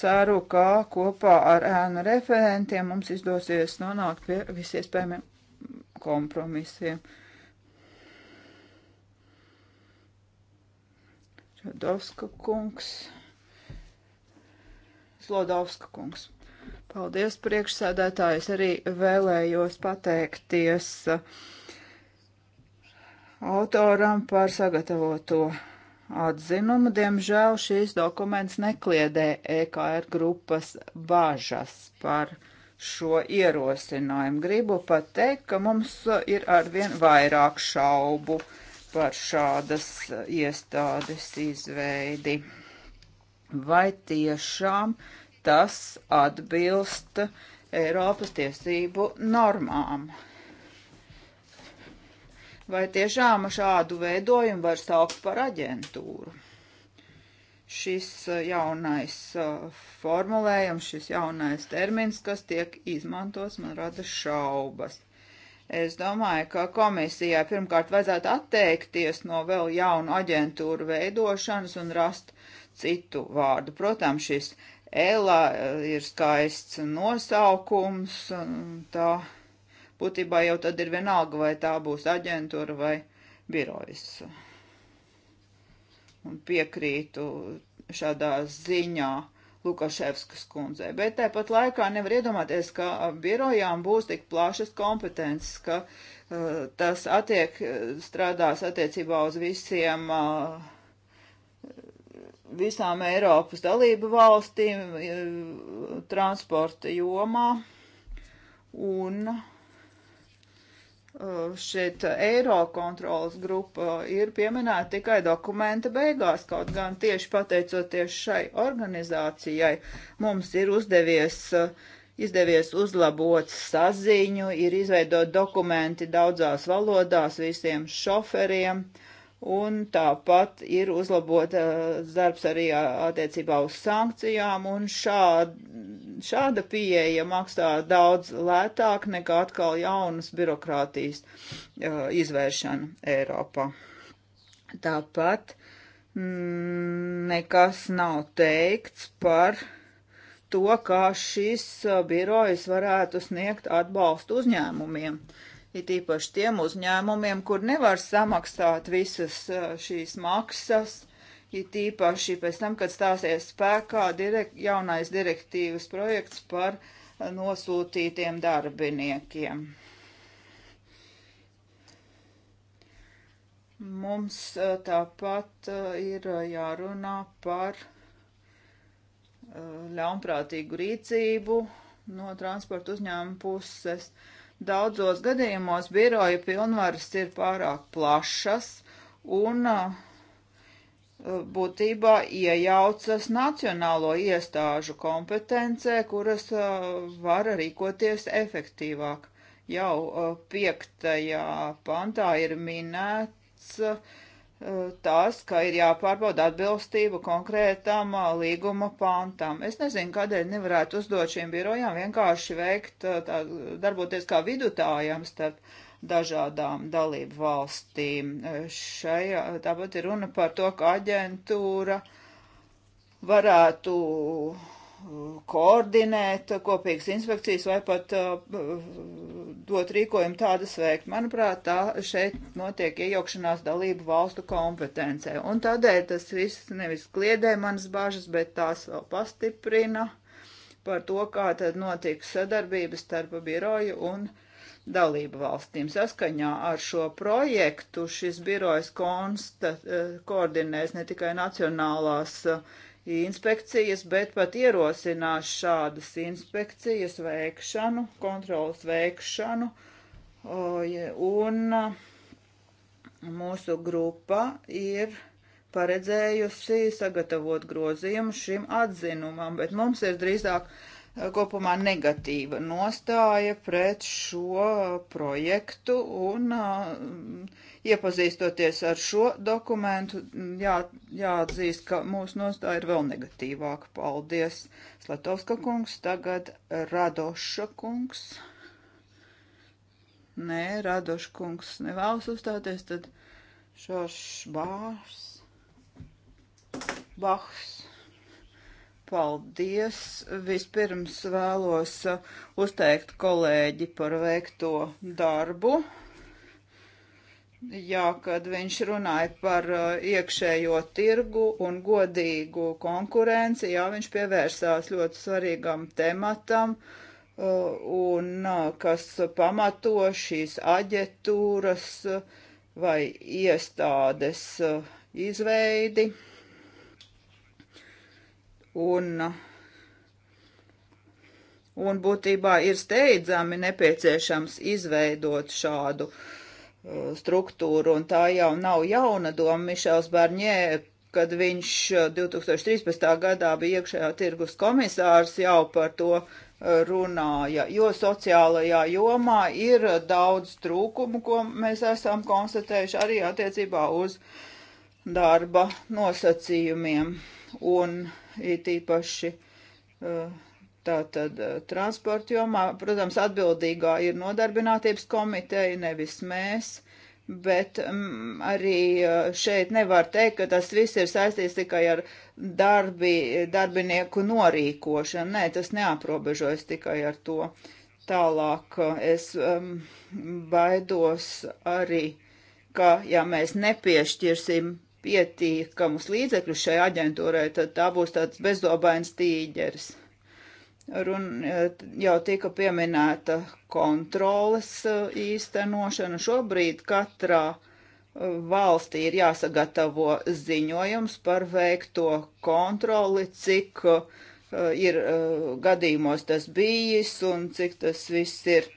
S3: ceru, ka kopā ar ēnu referentiem mums izdosies nonākt pie visiespējamiem kompromisiem. Radovska kungs. Slodovska kungs. Paldies, priekšsēdētājs. Arī vēlējos pateikties uh, autoram par sagatavoto atzinumu. Diemžēl šīs dokuments nekliedē EKR grupas bāžas par šo ierosinājumu. Gribu pat teikt, ka mums ir arvien vairāk šaubu par šādas iestādes izveidi vai tiešām tas atbilst Eiropas tiesību normām. Vai tiešām šādu veidojumu var saukt par aģentūru? Šis uh, jaunais uh, formulējums, šis jaunais termins, kas tiek izmantots, man rada šaubas. Es domāju, ka komisijai pirmkārt vajadzētu atteikties no vēl jaunu aģentūru veidošanas un rast citu vārdu. Protams, šis Ela eh, ir skaists nosaukums, un tā būtībā jau tad ir vienalga, vai tā būs aģentūra vai birojas. Un piekrītu šādā ziņā. Lukaševskas kundzei, bet tāpat laikā nevar iedomāties, ka birojām būs tik plašas kompetences, ka uh, tas attiek, strādās attiecībā uz visiem uh, visām Eiropas dalību valstīm e, transporta jomā. Un e, šeit eiro kontrolas grupa ir pieminēta tikai dokumenta beigās, kaut gan tieši pateicoties šai organizācijai mums ir uzdevies uh, izdevies uzlabot saziņu, ir izveidot dokumenti daudzās valodās visiem šoferiem. Uh, Un tāpat ir uzlabota darbs arī attiecībā uz sankcijām, un šāda, šāda pieeja maksā daudz lētāk nekā atkal jaunas birokrātijas uh, izvēršana Eiropā. Tāpat mm, nekas nav teikts par to, kā šis birojs varētu sniegt atbalstu uzņēmumiem. Uh, it īpaši tiem uzņēmumiem, kur nevar samaksāt visas šīs maksas, it īpaši pēc tam, kad stāsies spēkā direkt, jaunais direktīvas projekts par nosūtītiem darbiniekiem. Mums tāpat ir jārunā par ļaunprātīgu rīcību no transporta uzņēmuma puses. Uh, Daudzos gadījumos biroja pilnvaras ir pārāk plašas un uh, būtībā iejaucas nacionālo iestāžu kompetencē, kuras uh, var rīkoties efektīvāk. Jau uh, piektajā pantā ir minēts, Eh, tas, ka ir jāpārbauda atbilstība konkrētam eh, līguma pantam. Es nezinu, kādēļ nevarētu uzdot šiem birojām vienkārši veikt, eh, tā, darboties kā vidutājam starp dažādām dalību valstīm. Šajā, tāpat ir runa par to, ka aģentūra varētu koordinēt kopīgas inspekcijas vai pat uh, dot rīkojumu tādas veikt. Manuprāt, tā šeit notiek iejaukšanās dalību valstu kompetencē. Un tādēļ tas viss nevis kliedē manas bažas, bet tās vēl pastiprina par to, kā tad notiek sadarbības starp biroju un dalību valstīm. Saskaņā ar šo projektu šis birojs konsta, eh, koordinēs ne tikai nacionālās uh, inspekcijas, bet pat ierosinās šādas inspekcijas veikšanu, kontrolas veikšanu, un uh, mūsu grupa ir paredzējusi sagatavot grozījumu šim atzinumam, bet mums ir drīzāk uh, kopumā negatīva nostāja pret šo projektu un uh, iepazīstoties ar šo dokumentu, jā, jāatzīst, ka mūsu nostāja ir vēl negatīvāka. Paldies, Slatovska kungs, tagad Radoša kungs. Nē, Radoša kungs nevēlas uzstāties, tad Šorš Bārs. Bahs. Paldies! Vispirms vēlos uzteikt kolēģi par veikto darbu. Jā, kad viņš runāja par uh, iekšējo tirgu un godīgu konkurenci, jā, viņš pievērsās ļoti svarīgam tematam, uh, un uh, kas pamato šīs aģentūras vai iestādes izveidi un, un būtībā ir steidzami nepieciešams izveidot šādu uh, struktūru, un tā jau nav jauna doma. Mišels Barņē, kad viņš 2013. Uh, gadā bija iekšējā tirgus komisārs, jau par to uh, runāja, jo sociālajā jomā ir daudz trūkumu, ko mēs esam konstatējuši arī attiecībā uz darba nosacījumiem un it īpaši uh, tātad uh, transporta jomā. Protams, atbildīgā ir nodarbinātības komiteja, nevis mēs. Bet m, mm, arī uh, šeit nevar teikt, ka tas viss ir saistīts tikai ar darbi, darbinieku norīkošanu. Nē, tas neaprobežojas tikai ar to. Tālāk es um, baidos arī, ka ja mēs nepiešķirsim pietiekamus līdzekļus šai aģentūrai, tad tā būs tāds bezdobains tīģeris. Run, jau tika pieminēta kontroles uh, īstenošana. Šobrīd katrā uh, valstī ir jāsagatavo ziņojums par veikto kontroli, cik uh, ir gadījumos tas bijis un cik tas viss ir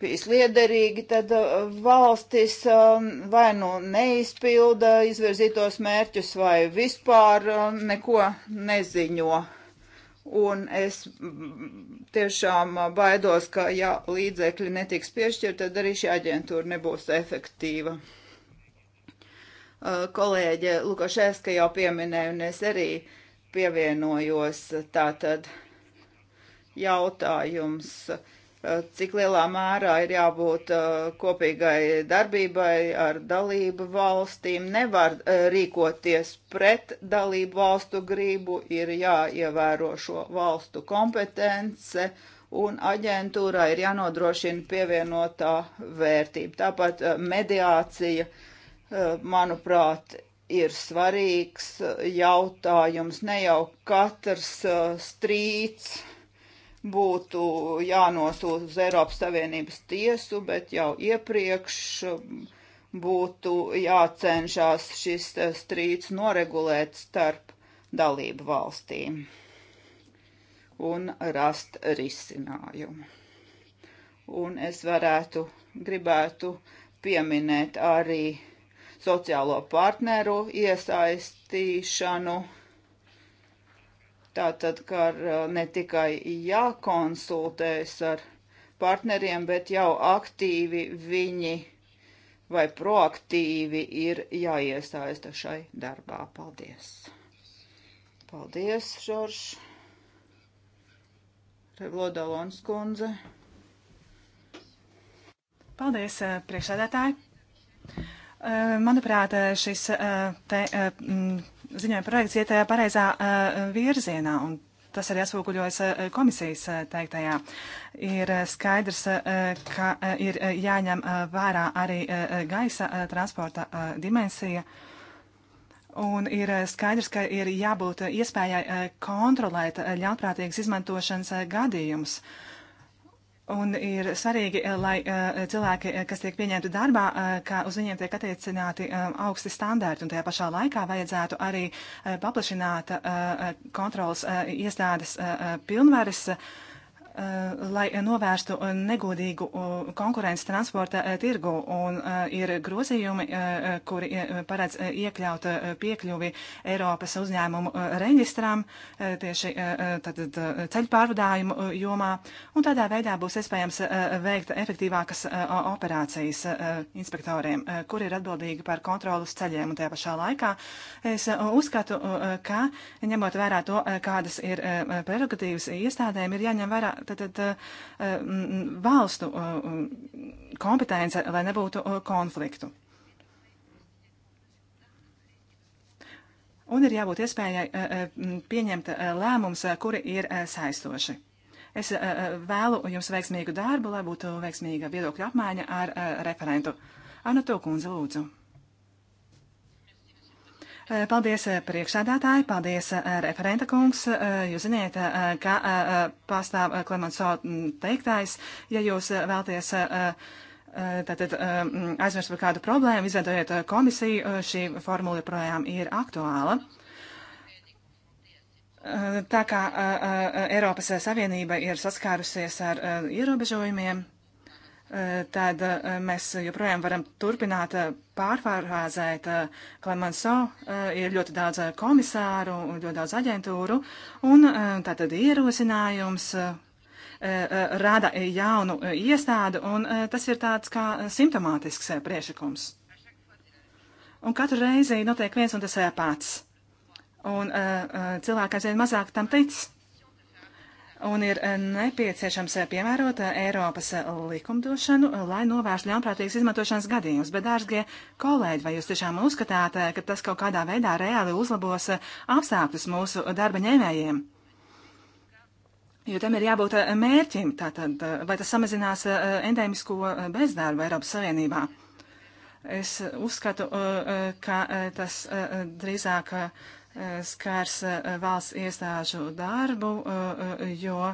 S3: bijis liederīgi, tad uh, valstis um, vai nu neizpilda izvirzītos mērķus vai vispār um, neko neziņo. Un es mm, tiešām uh, baidos, ka ja līdzekļi netiks piešķirt, tad arī šī aģentūra nebūs efektīva. Uh, kolēģe Lukašēska jau pieminēja, un es arī pievienojos tātad jautājums. Uh, Eh, cik lielā mērā ir jābūt eh, kopīgai darbībai ar dalību valstīm. Nevar eh, rīkoties pret dalību valstu gribu, ir jāievēro šo valstu kompetence un aģentūrā ir jānodrošina pievienotā vērtība. Tāpat mediācija, manuprāt, ir svarīgs jautājums. Ne jau katrs strīds būtu jānosūta uz Eiropas Savienības tiesu, bet jau iepriekš um, būtu jācenšas šis uh, strīds noregulēt starp dalību valstīm un rast risinājumu. Un es varētu, gribētu pieminēt arī sociālo partneru iesaistīšanu Tātad, ka uh, ne tikai jākonsultēs ar partneriem, bet jau aktīvi viņi vai proaktīvi ir jāiesaista šai darbā. Paldies! Paldies, Žorž! Revlodalons kundze.
S2: Paldies, eh, priekšsēdētāji! Eh, manuprāt, eh, šis te ziņojuma projekts iet eh, pareizā eh, virzienā, un tas arī atspoguļojas eh, komisijas teiktajā. Ir skaidrs, ka ir jāņem vērā arī gaisa transporta dimensija. Un ir skaidrs, ka ir jābūt iespējai kontrolēt ļaunprātīgas izmantošanas gadījumus. Uh, Un ir svarīgi, eh, lai eh, cilvēki, eh, kas tiek pieņemti darbā, ka uz viņiem tiek attiecināti augsti standarti, un tajā pašā laikā vajadzētu arī paplašināt kontrolas iestādes pilnvaras Eh, lai novērstu negodīgu konkurenci transporta eh, tirgu, un eh, ir grozījumi, kuri paredz iekļaut piekļuvi Eiropas uzņēmumu reģistram tieši tātad, ceļu pārvadājumu jomā, un tādā veidā būs iespējams veikt efektīvākas operācijas inspektoriem, kuri ir atbildīgi par kontrolu uz ceļiem, un tajā pašā laikā es uzskatu, ka ņemot vērā to, kādas ir prerogatīvas iestādēm, ir jāņem vērā tātad eh, valstu eh, kompetence, lai nebūtu eh, konfliktu. Un ir jābūt iespējai pieņemt lēmums, kuri ir saistoši. Es vēlu jums veiksmīgu darbu, lai būtu veiksmīga viedokļa apmaiņa ar referentu. Anu Tūkundze, lūdzu. Eh, paldies eh, priekšsēdētāji, paldies eh, referenta kungs. Jūs ziniet, ka pastāv Klemenso mm, teiktais, ja jūs vēlties tātad mm, aizmirst par kādu problēmu, izveidojiet komisiju, šī formula projām ir aktuāla. Tā kā Eiropas Savienība ir saskārusies ar ierobežojumiem tad eh, mēs joprojām varam turpināt eh, pārfārāzēt eh, Clemenceau. Ir ļoti daudz komisāru un ļoti daudz aģentūru, un tātad ierosinājums rada jaunu iestādu, un tas ir tāds kā simptomātisks priešakums. Un katru reizi notiek viens un tas pats. Un cilvēkais vien mazāk tam tic un ir eh, nepieciešams eh, piemērot eh, Eiropas likumdošanu, lai novērstu ļaunprātīgas izmantošanas gadījumus. Bet, dārgie kolēģi, vai jūs tiešām uzskatāt, ka tas kaut kādā veidā reāli uzlabos apstākļus mūsu darba ņēmējiem? Jo tam ir jābūt mērķim, tātad, vai tas samazinās endēmisko bezdarbu Eiropas Savienībā? Es uzskatu, ka tas drīzāk skārs eh, valsts iestāžu darbu, eh, eh, jo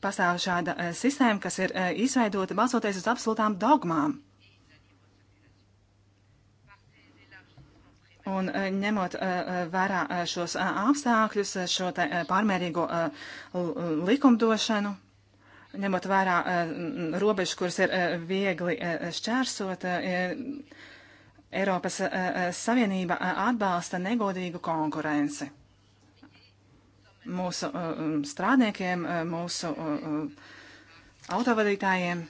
S2: pastāv šāda sistēma, kas ir izveidota balsoties uz absolūtām dogmām. Un ņemot vērā šos apstākļus, šo pārmērīgo likumdošanu, ņemot vērā robežu, kuras ir viegli šķērsot, Eiropas eh, eh, Savienība eh, atbalsta negodīgu konkurenci. Mūsu strādniekiem, mūsu autovadītājiem.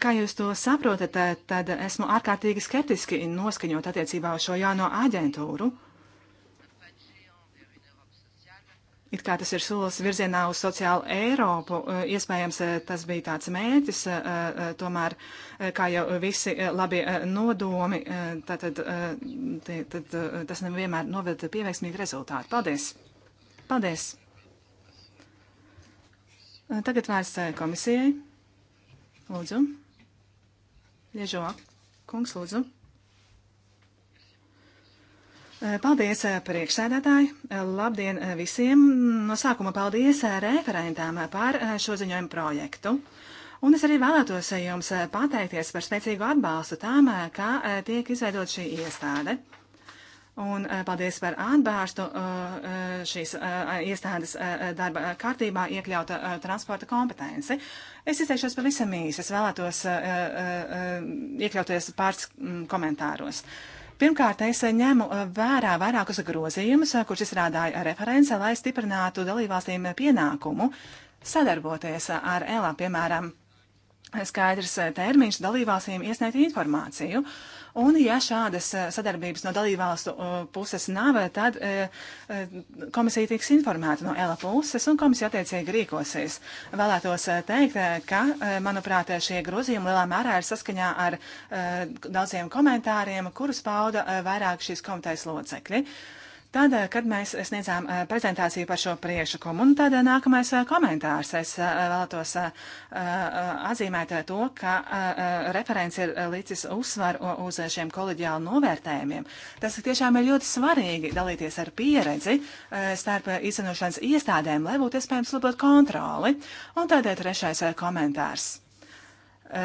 S2: Kā jūs to saprotat, tad esmu ārkārtīgi skeptiski noskaņot attiecībā uz šo jauno aģentūru. It kā tas ir solis virzienā uz sociālu Eiropu, e, iespējams, e, tas bija tāds mērķis, e, tomēr, kā jau visi labi nodomi, tad, tad, tad tas nevienmēr noved pie veiksmīgu rezultātu. Paldies! Paldies! Tagad vairs komisijai. Lūdzu. Liežo. Kungs, lūdzu. Eh, paldies, eh, priekšsēdētāji! Eh, labdien visiem! No sākuma paldies referentām par šo ziņojumu projektu. Un es arī vēlētos jums pateikties par spēcīgu atbalstu tām, kā tiek izveidot šī iestāde. Un paldies par atbalstu šīs iestādes darba kārtībā iekļauta transporta kompetence. Es izteikšos pavisam īsi, es vēlētos iekļauties pāris mm, komentāros. Pirmkārt, es ņemu eh, vērā vairākus grozījumus, eh, kurus izstrādāja reference, lai stiprinātu dalībvalstīm pienākumu sadarboties eh, ar ELA, piemēram, skaidrs eh, termiņš dalībvalstīm iesniegt informāciju. Un, ja šādas eh, sadarbības no dalībvalstu eh, puses nav, tad komisija tiks informēta no ELA puses un komisija attiecīgi rīkosies. Vēlētos teikt, ka, manuprāt, šie grozījumi lielā mērā ir saskaņā ar daudziem komentāriem, kurus pauda vairāk šīs komitejas locekļi. Uh, Tad, eh, kad mēs sniedzām eh, prezentāciju par šo priekšlikumu, un tad eh, nākamais komentārs, es vēlētos atzīmēt to, ka referents ir licis uzsvaru uz šiem koleģiālu novērtējumiem. Tas tiešām ir ļoti svarīgi dalīties ar pieredzi starp īstenošanas iestādēm, lai būtu iespējams labot kontroli. Un tādēļ trešais komentārs.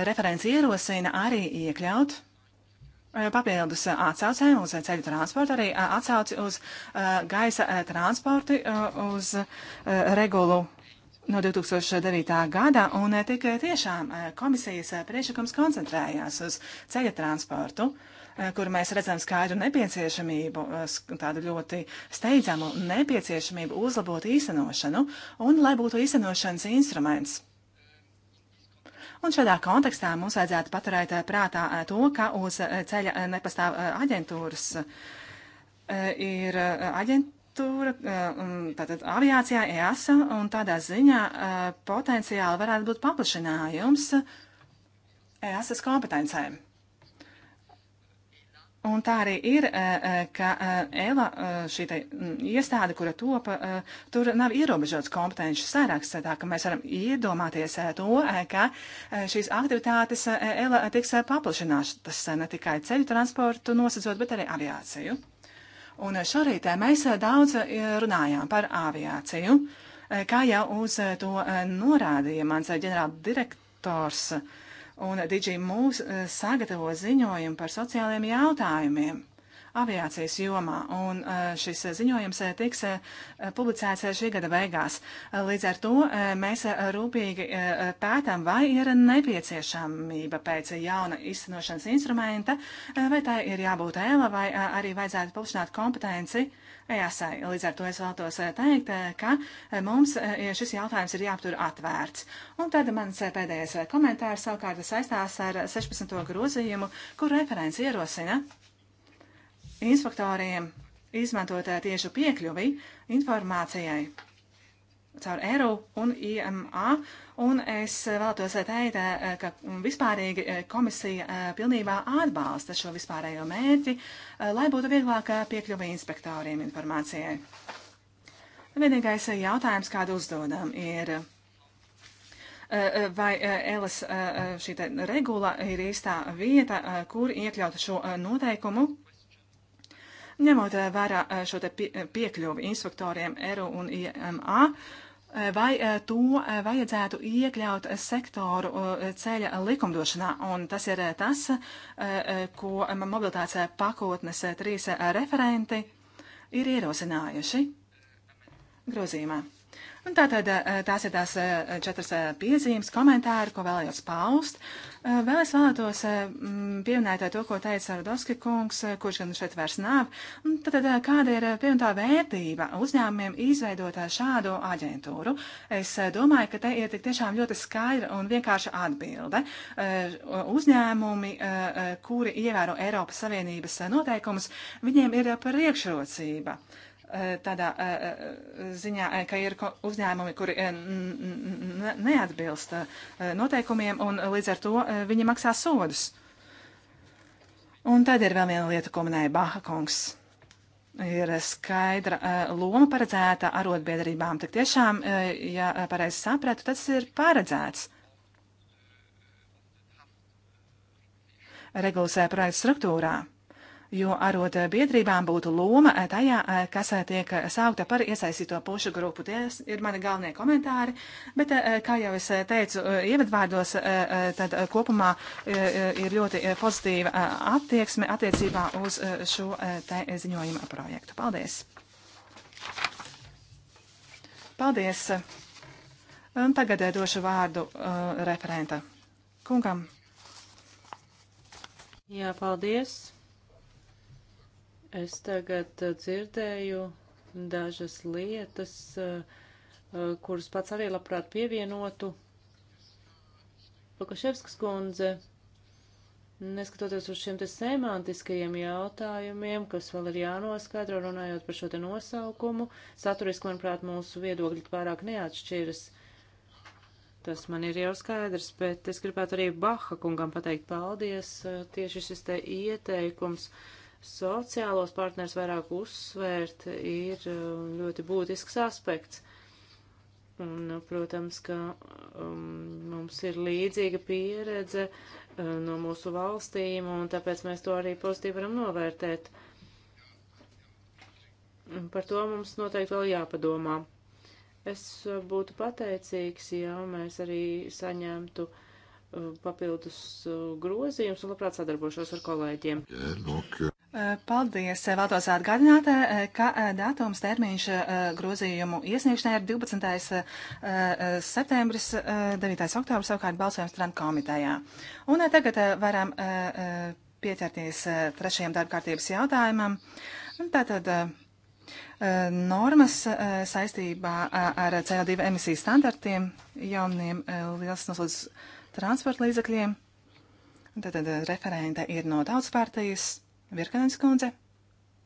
S2: Referents ierosina arī iekļaut papildus atsaucē uz ceļu transportu, arī atsauci uz gaisa transportu, uz regulu no 2009. gada, un tik tiešām komisijas priešakums koncentrējās uz ceļa transportu, kur mēs redzam skaidru nepieciešamību, eh, tādu ļoti steidzamu nepieciešamību uzlabot īstenošanu, un lai būtu īstenošanas instruments Un šādā kontekstā mums vajadzētu paturēt eh, prātā eh, to, ka uz eh, ceļa nepastāv aģentūras. Ir aģentūra, tātad aviācijā EASA, un tādā ziņā potenciāli varētu būt paplašinājums EASAS kompetencēm. Un tā arī ir, eh, eh, ka Ela, eh, šī mm, iestāde, kura topa, tur nav ierobežots kompetenci saraksts, tā ka mēs varam iedomāties to, ka šīs aktivitātes Ela tiks paplašinātas ne tikai ceļu transportu nosacot, bet arī aviāciju. Un šorīt mēs daudz runājām par aviāciju, kā jau uz to norādīja mans ģenerāldirektors. direktors un Digi mūs eh, sagatavo ziņojumu par sociālajiem jautājumiem aviācijas jomā, un eh, šis ziņojums eh, tiks publicēts šī gada beigās. Līdz ar to mēs rūpīgi pētām, vai ir nepieciešamība pēc jauna izcinošanas instrumenta, vai tā ir jābūt ēla, vai arī vajadzētu paplašināt kompetenci uh, EASAI. Līdz ar to es vēlētos eh, teikt, eh, ka eh, mums šis jautājums ir jāaptur atvērts. Un tad mans pēdējais komentārs savukārt saistās ar 16. grozījumu, kur referents ierosina inspektoriem izmantot tiešu piekļuvi informācijai caur ERU un IMA, un es vēlētos teikt, eh, ka vispārīgi eh, komisija eh, pilnībā atbalsta šo vispārējo mērķi, lai būtu vieglāk piekļuvi inspektoriem informācijai. Vienīgais jautājums, kādu uzdodam, ir vai Elas šī regula ir īstā vieta, kur iekļaut šo noteikumu, ņemot vērā šo piekļuvi inspektoriem ERU un IMA, Eh, vai eh, to eh, vajadzētu iekļaut sektoru ceļa likumdošanā. Un tas ir tas, ko mobilitātes pakotnes trīs referenti ir ierosinājuši grozījumā. Un nu, tātad tās ir tās četras piezīmes, komentāri, ko vēlējos paust. Vēl es vēlētos pieminēt to, ko teica Rudoski kungs, kurš gan šeit vairs nav. Un tātad kāda ir pievienotā vērtība uzņēmumiem izveidot šādu aģentūru? Es domāju, ka te ir tik tiešām ļoti skaidra un vienkārša atbilde. Uzņēmumi, kuri ievēro Eiropas Savienības noteikumus, viņiem ir priekšrocība. Uh, E, tādā e, e, ziņā, ka ir uzņēmumi, kuri neatbilst noteikumiem, un līdz ar to viņi maksā sodus. Un tad ir vēl viena lieta, ko minēja Baha kungs. Ir skaidra loma paredzēta arotbiedrībām. Tik tiešām, ja pareizi sapratu, tas ir paredzēts. Regulas projekta struktūrā jo arot biedrībām būtu loma tajā, kas tiek saukta par iesaistīto pušu grupu. Tie ir mani galvenie komentāri, bet, kā jau es teicu, ievadvārdos, tad kopumā e, e, ir ļoti pozitīva attieksme attiecībā uz e, šo te ziņojuma projektu. Paldies! Paldies! Un tagad došu vārdu uh, referenta kungam.
S1: Jā, paldies. Es tagad uh, dzirdēju dažas lietas, uh, uh, kuras pats arī labprāt pievienotu. Lukaševskas kundze, neskatoties uz šiem te semantiskajiem jautājumiem, kas vēl ir jānoskaidro, runājot par šo te nosaukumu, saturiski, manuprāt, mūsu viedokļi pārāk neatšķiras. Tas man ir jau skaidrs, bet es gribētu arī Baha kungam pateikt paldies. Tieši šis te ieteikums sociālos partners vairāk uzsvērt, ir um, ļoti būtisks aspekts. Un, protams, ka um, mums ir līdzīga pieredze um, no mūsu valstīm, un tāpēc mēs to arī pozitīvi varam novērtēt. Un par to mums noteikti vēl jāpadomā. Es uh, būtu pateicīgs, ja mēs arī saņemtu uh, papildus uh, grozījums un labprāt sadarbošos ar kolēģiem. Yeah,
S2: okay. Nu, Paldies! Vēlos atgādināt, eh, ka eh, datums termiņš eh, grozījumu iesniegšanai ir 12. septembris, 9. oktobris, savukārt balsojums Trump komitejā. Un tagad varam pieķerties trešajam darbkārtības jautājumam. Tātad normas saistībā ar CO2 emisiju standartiem jauniem liels noslēdz transporta līdzakļiem. Tātad referente ir no tautas partijas. Virkanens kundze.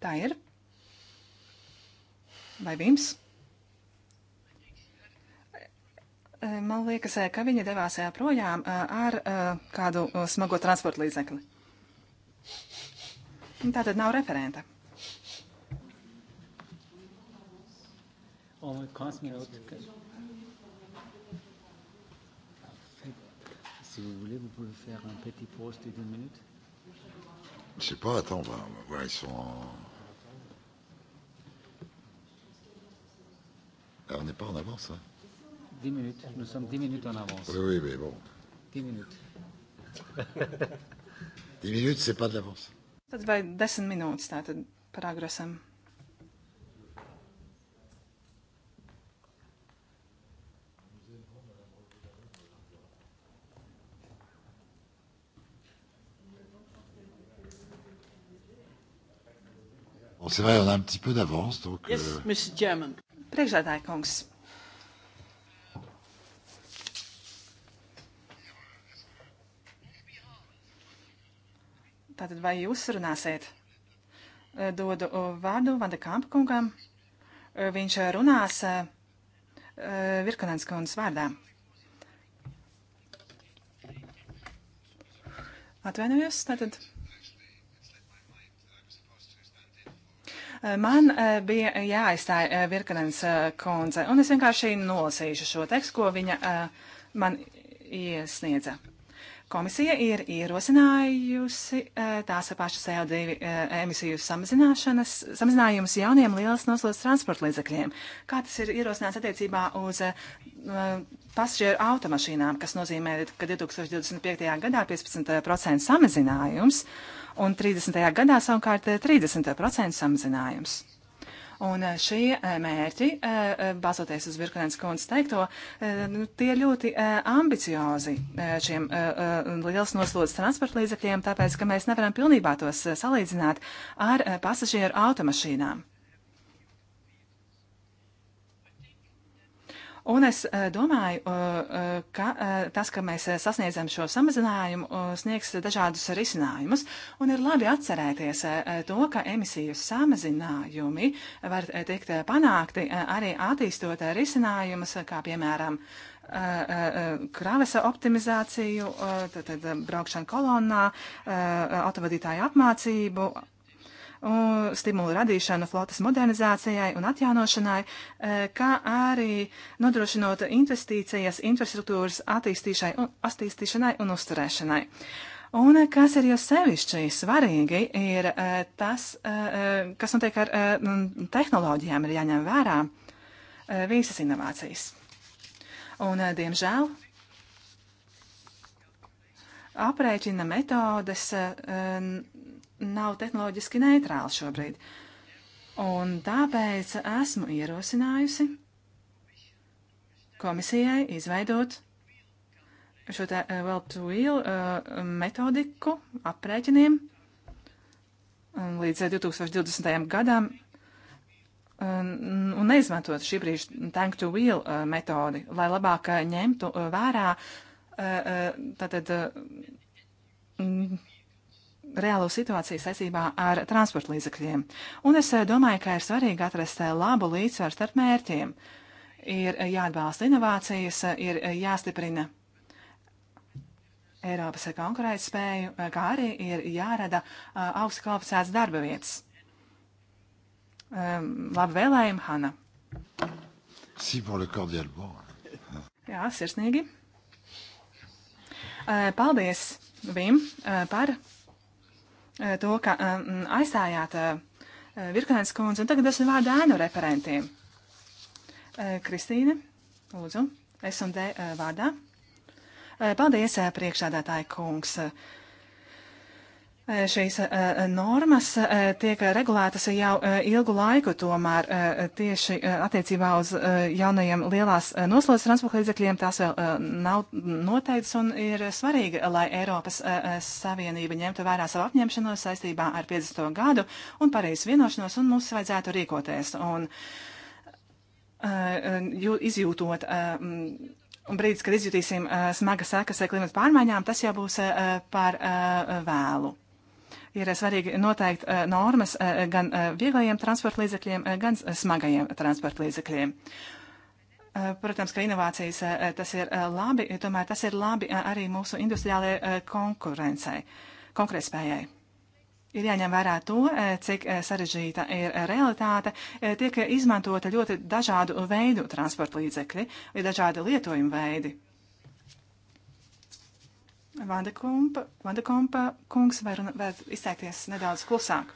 S2: Tā ir. Vai Vims? Man liekas, ka viņa devās eh, projām eh, ar eh, kādu smago transporta līdzekli. Nu, tā tad nav referenta. Om ett konstminut. Si vous voulez, vous pouvez faire un petit poste de deux minutes.
S1: Je sais pas, attends, on va, on va voir, ils sont en... Là, ah, on n'est pas en avance. Hein.
S3: 10 minutes, nous sommes 10 minutes en avance.
S1: Oui, oui, mais bon. 10 minutes. 10 minutes, c'est pas de l'avance.
S2: Tad vai 10 minūtes, tātad par agrasam.
S1: C'est vrai, on a un petit peu d'avance, donc... Yes, euh...
S2: Mr. Chairman. Priekšsēdētāji kungs. Tātad vai jūs runāsiet? Dodu vārdu Vanda Kampa kungam. Viņš runās Virkunens kundas vārdā. Atvainojos, tātad. Man eh, bija jāaizstāja eh, Virkanens eh, kundze, un es vienkārši nolasīšu šo tekstu, ko viņa man iesniedza. Komisija ir ierosinājusi tās pašas CO2 emisiju samazinājumus jauniem lielas noslodzes transporta līdzekļiem. Kā tas ir ierosināts attiecībā uz pasažieru automašīnām, kas nozīmē, ka 2025. gadā 15% samazinājums uh, un 30. gadā savukārt 30% eh, samazinājums. Un eh, šie eh, mērķi, bazoties uz Virknēns kundzes teikto, nu, tie ļoti ambiciozi šiem liels noslodzes transporta līdzekļiem, tāpēc, ka mēs nevaram pilnībā tos salīdzināt ar pasažieru automašīnām. Un es eh, domāju, eh, eh, ka tas, ka mēs sasniedzam šo samazinājumu, sniegs dažādus risinājumus. Un ir labi atcerēties to, ka emisiju samazinājumi var tikt panākti arī attīstot risinājumus, kā piemēram kravas optimizāciju, tad braukšanu kolonnā, autovadītāju apmācību, un stimulu radīšanu flotas modernizācijai un atjaunošanai, e, kā arī nodrošinot investīcijas infrastruktūras attīstīšanai un uzturēšanai. Un e, kas ir jau sevišķi svarīgi, ir e, tas, kas notiek ar tehnoloģijām, ir jāņem vērā visas inovācijas. Un, diemžēl, aprēķina metodes nav tehnoloģiski neitrāls šobrīd. Un tāpēc esmu ierosinājusi komisijai izveidot šo te vēl tūīlu uh, metodiku aprēķiniem līdz 2020. Eh, gadam eh, un neizmantot šī brīža tank to wheel eh, metodi, lai labāk ņemtu vērā tātad reālo situāciju saistībā ar transporta līdzekļiem. Un es eh, domāju, ka ir svarīgi atrast eh, labu līdzsvaru starp mērķiem. Ir eh, jāatbalsta inovācijas, ir jāstiprina Eiropas konkurētspēju, kā arī ir jārada augsts kvalificēts darba vietas. Ehm, labu vēlējumu, Hanna!
S1: Si pour le cordial bon.
S2: Jā, sirsnīgi. Paldies, Vim, par Eh, to, ka eh, aizstājāt eh, Virkanēns kundze, un tagad dosim vārdu ēnu referentiem. Kristīne, lūdzu, S&D vārdā. Paldies, priekšādātāja kungs. Eh, šīs eh, eh, normas tiek regulētas jau ilgu laiku, tomēr tieši attiecībā uz jaunajiem lielās noslodzes transporta līdzekļiem tās vēl nav noteikts un ir svarīgi, lai Eiropas Savienība ņemtu vērā savu apņemšanos saistībā ar 50. gadu un Parīzes vienošanos un mums vajadzētu rīkoties un izjūtot. Un brīdis, kad izjutīsim smagas sekas klimata pārmaiņām, tas jau būs par vēlu ir svarīgi noteikt eh, normas eh, gan eh, vieglajiem transporta līdzekļiem, gan smagajiem transporta līdzekļiem. Protams, ka inovācijas tas ir labi, tomēr tas ir labi arī mūsu industriālajai konkurencei, konkurētspējai. Ir jāņem vērā to, cik sarežģīta ir realitāte. Tiek izmantota ļoti dažādu veidu transporta līdzekļi, ir dažādi lietojuma veidi. Vandekumpa, Vandekumpa kungs var, var izteikties nedaudz klusāk.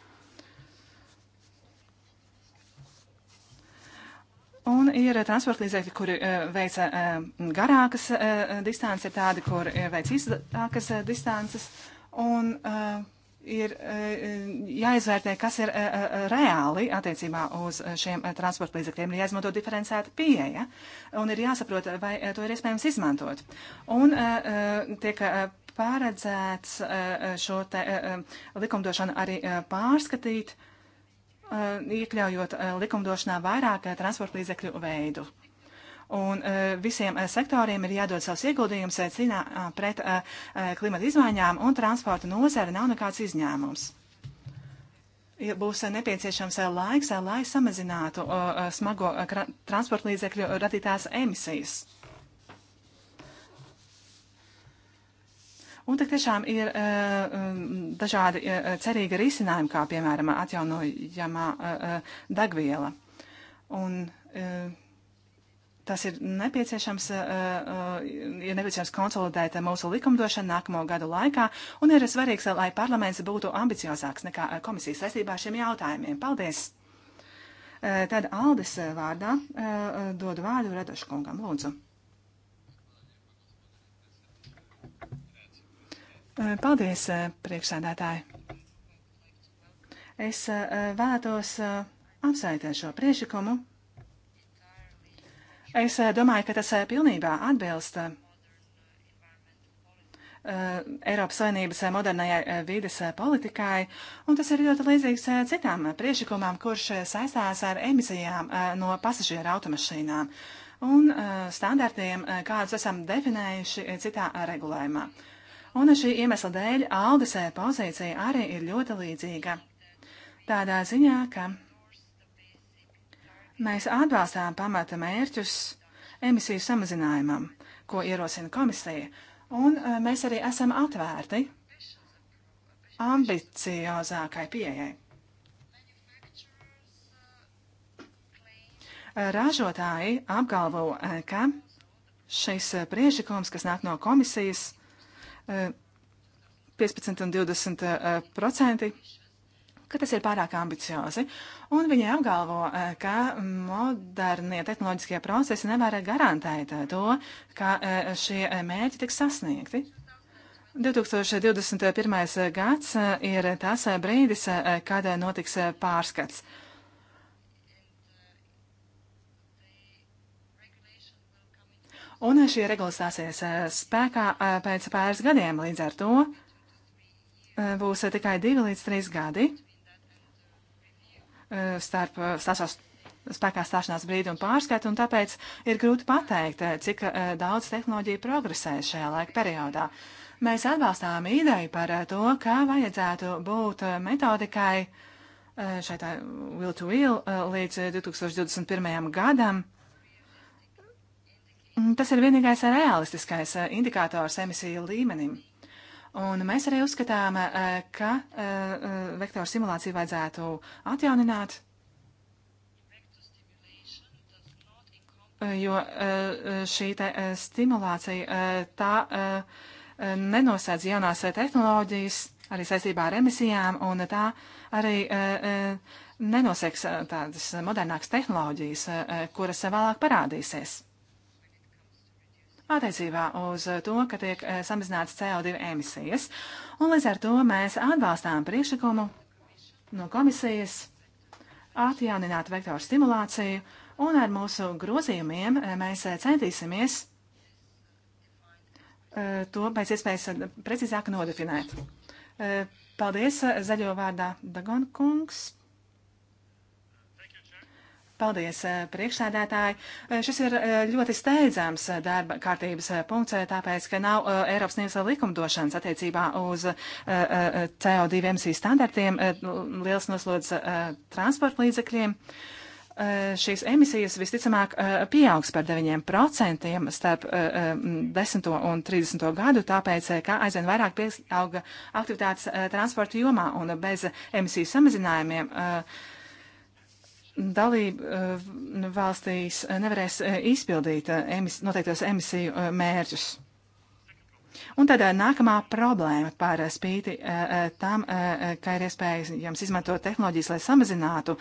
S2: Un ir transporta līdzekļi, kuri eh, veica eh, garākas eh, distances, ir tādi, kur veica īsākas distances. Un uh, ir eh, jāizvērtē, kas ir eh, eh, reāli attiecībā uz šiem transporta līdzekļiem, ir jāizmanto diferencēta pieeja un ir jāsaprot, vai to ir iespējams izmantot. Un tiek paredzēts šo te likumdošanu arī pārskatīt, iekļaujot likumdošanā vairāk transporta līdzekļu veidu. Un e, visiem e, sektoriem ir jādod savs ieguldījums e, cīnā pret klimata izmaiņām, un transporta nozara nav nekāds izņēmums. Būs nepieciešams laiks, lai samazinātu smago transporta līdzekļu radītās emisijas. Un tik tiešām ir uh, dažādi uh, cerīgi risinājumi, kā piemēram atjaunojamā uh, degviela. Un, uh, Tas ir nepieciešams, ir eh, eh, nepieciešams konsolidēt mūsu likumdošanu nākamo gadu laikā, un ir svarīgs, lai parlaments būtu ambiciozāks nekā eh, komisijas saistībā ar šiem jautājumiem. Paldies! Tad Aldes vārdā dodu vārdu Redoškungam. Lūdzu. Paldies, priekšsēdētāji. Es vēlētos apsveitēt šo priešakumu. Es eh, domāju, ka tas eh, pilnībā atbilst eh, Eiropas Savienības modernajai vides politikai, un tas ir ļoti līdzīgs citām priešakumām, kurš saistās ar emisijām no pasažieru automašīnām un standartiem, kādus esam definējuši citā regulējumā. Un šī iemesla dēļ Aldis pozīcija arī ir ļoti līdzīga. Tādā ziņā, ka Mēs atbalstām pamata mērķus emisiju samazinājumam, ko ierosina komisija, un e, mēs arī esam atvērti ambiciozākai pieejai. Ražotāji apgalvo, e, ka šis e, priešakums, kas nāk no komisijas, 15 un 20 procenti ka tas ir pārāk ambiciozi, un viņi apgalvo, eh, ka modernie tehnoloģiskie procesi nevar garantēt eh, to, ka eh, šie mērķi tiks sasniegti. 2021. gads ir tas brīdis, kad notiks pārskats. Un šī regula stāsies spēkā pēc pāris gadiem. Līdz ar to būs tikai divi līdz trīs gadi, E, starp e, stāsās spēkā stāšanās brīdi un pārskatu, un tāpēc ir grūti pateikt, e, cik daudz tehnoloģija progresē šajā laika periodā. Mēs atbalstām ideju par to, kā vajadzētu būt metodikai šai tā will to will līdz 2021. gadam. Tas ir vienīgais realistiskais indikators emisiju līmenim. Un mēs arī uzskatām, eh, ka eh, eh, vektoru simulāciju vajadzētu atjaunināt, jo šī stimulācija tā nenosēdz jaunās tehnoloģijas, arī saistībā ar emisijām, un tā arī nenosēks tādas modernākas tehnoloģijas, kuras vēlāk parādīsies attiecībā uz to, ka tiek eh, samazināts CO2 emisijas. Un līdz ar to mēs atbalstām priekšlikumu no komisijas atjaunināt vektoru stimulāciju, un ar mūsu grozījumiem eh, mēs eh, centīsimies to pēc iespējas precīzāk nodefinēt. Paldies zaļo vārdā Dagon kungs. Paldies, eh, priekšsēdētāji. Eh, šis ir eh, ļoti steidzams darba kārtības punkts, tāpēc, ka nav Eiropas Savienības likumdošanas attiecībā uz CO2 emisiju standartiem, nu, liels noslodz transporta līdzekļiem. Šīs emisijas visticamāk pieaugs par 9% starp 10. un 30. gadu, tāpēc, ka aizvien vairāk pieauga aktivitātes transporta jomā un bez emisiju samazinājumiem. Uh, dalību eh, valstīs eh, nevarēs eh, izpildīt emis, noteiktos emisiju mērķus. Un tad nākamā problēma par spīti tam, ka ir iespējams izmantot tehnoloģijas, lai samazinātu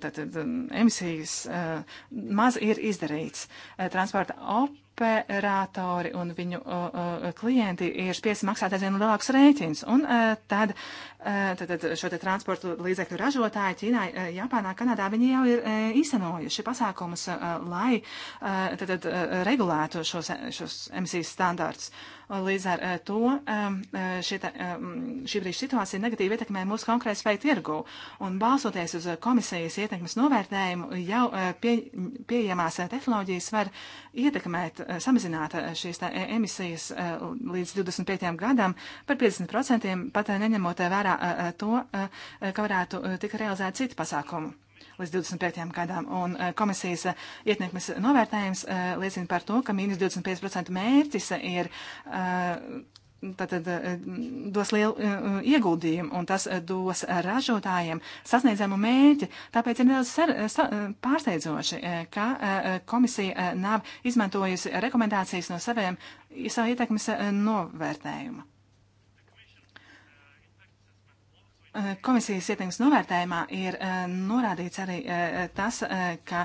S2: tātad, emisijas, maz ir izdarīts. Transporta op operatori un viņu uh, uh, klienti ir spiesti maksāt aizvien lielākus rēķinus. Un uh, tad, uh, tad, tad šo te transportu līdzekļu ražotāji Ķīnā, uh, Japānā, Kanādā, viņi jau ir uh, īstenojuši pasākumus, uh, lai uh, tad, tad, uh, regulētu šos, šos emisijas standārtus. Līdz ar uh, to um, šita, um, šī brīža situācija negatīvi ietekmē mūsu konkrēti spēju tirgu. Un balsoties uz komisijas ietekmes novērtējumu, jau uh, pie, pieejamās tehnoloģijas var ietekmēt samazināt eh, šīs tā, eh, emisijas eh, līdz 25. gadam par 50%, pat neņemot vērā to, ka varētu tikt realizēt citu pasākumu līdz 25. gadam. Un komisijas ietniekmes novērtējums liecina par to, ka mīnus 25% mērķis ir tātad, eh, dos lielu eh, eh, ieguldījumu un tas dos ražotājiem sasniedzamu mērķi. Tāpēc ir nedaudz sar, sa, pārsteidzoši, ka komisija nav izmantojusi rekomendācijas no saviem, savu ietekmes novērtējumu. Eh, komisijas ietekmes novērtējumā ir eh, norādīts arī eh, tas, ka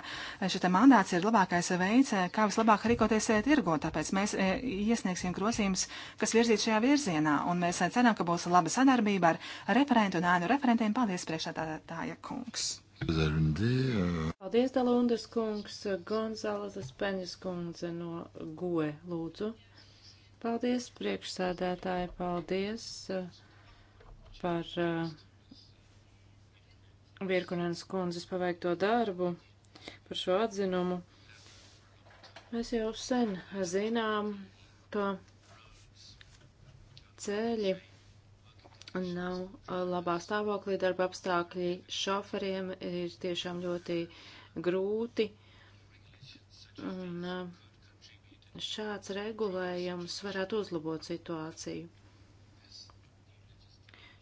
S2: šis mandāts ir labākais veids, kā vislabāk rīkoties tirgo, tāpēc mēs iesniegsim grozījumus, kas virzīt šajā virzienā, un mēs ceram, ka būs laba sadarbība ar referentu un ēnu referentiem. Paldies, priekšstādātāja kungs!
S1: Paldies, Dalundas kungs, Gonzalezas Peņas kundze no GOE, lūdzu. Paldies, priekšsēdētāji, paldies. Uh, par uh, eh, Virkunenes kundzes paveikto darbu, par šo atzinumu. Mēs jau sen zinām, ka ceļi nav eh, labā stāvoklī, darba apstākļi šoferiem ir tiešām ļoti grūti. Un eh, šāds regulējums varētu uzlabot situāciju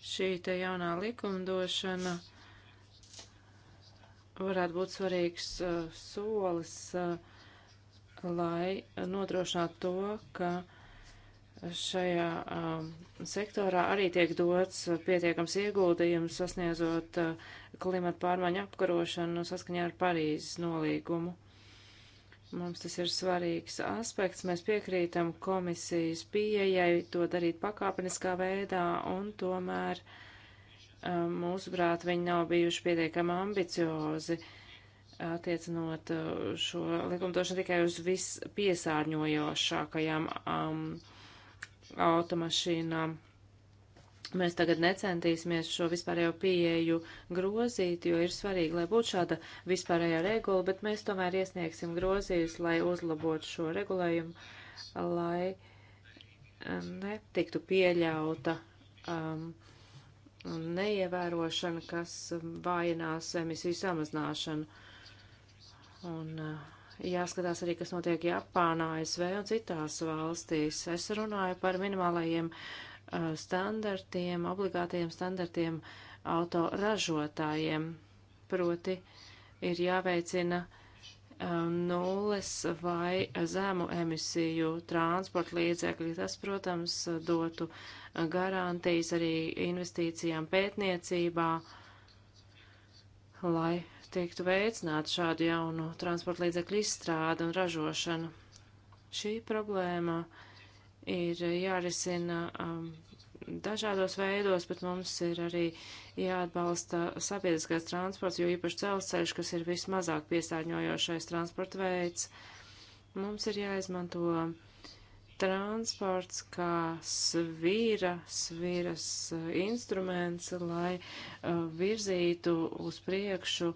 S1: šī te jaunā likumdošana varētu būt svarīgs uh, solis, uh, lai nodrošinātu to, ka šajā uh, sektorā arī tiek dots pietiekams ieguldījums sasniedzot uh, klimata pārmaiņu apkarošanu saskaņā ar Parīzes nolīgumu. Mums tas ir svarīgs aspekts. Mēs piekrītam komisijas pieejai to darīt pakāpeniskā veidā, un tomēr eh, mūsuprāt viņi nav bijuši pietiekami ambiciozi attiecinot eh, šo likumdošanu tikai uz vispiesārņojošākajām um, automašīnām. Mēs tagad necentīsimies šo vispārējo pieeju grozīt, jo ir svarīgi, lai būtu šāda vispārējā regula, bet mēs tomēr iesniegsim grozījus, lai uzlabotu šo regulējumu, lai um, netiktu pieļauta um, neievērošana, kas vājinās emisiju samazināšanu. Un uh, jāskatās arī, kas notiek Japānā, ASV un citās valstīs. Es runāju par minimālajiem uh, Uh, standartiem, obligātajiem standartiem autoražotājiem. Proti ir jāveicina uh, nulles vai zemu emisiju transporta līdzekļi. Tas, protams, dotu uh, garantijas arī investīcijām pētniecībā, lai tiktu veicināt šādu jaunu transporta līdzekļu izstrādu un ražošanu. Šī problēma uh, ir jārisina um, dažādos veidos, bet mums ir arī jāatbalsta sabiedriskais transports, jo īpaši dzelzceļš, kas ir vismazāk piesārņojošais transporta veids. Mums ir jāizmanto transports kā svīra, svīras uh, instruments, lai uh, virzītu uz priekšu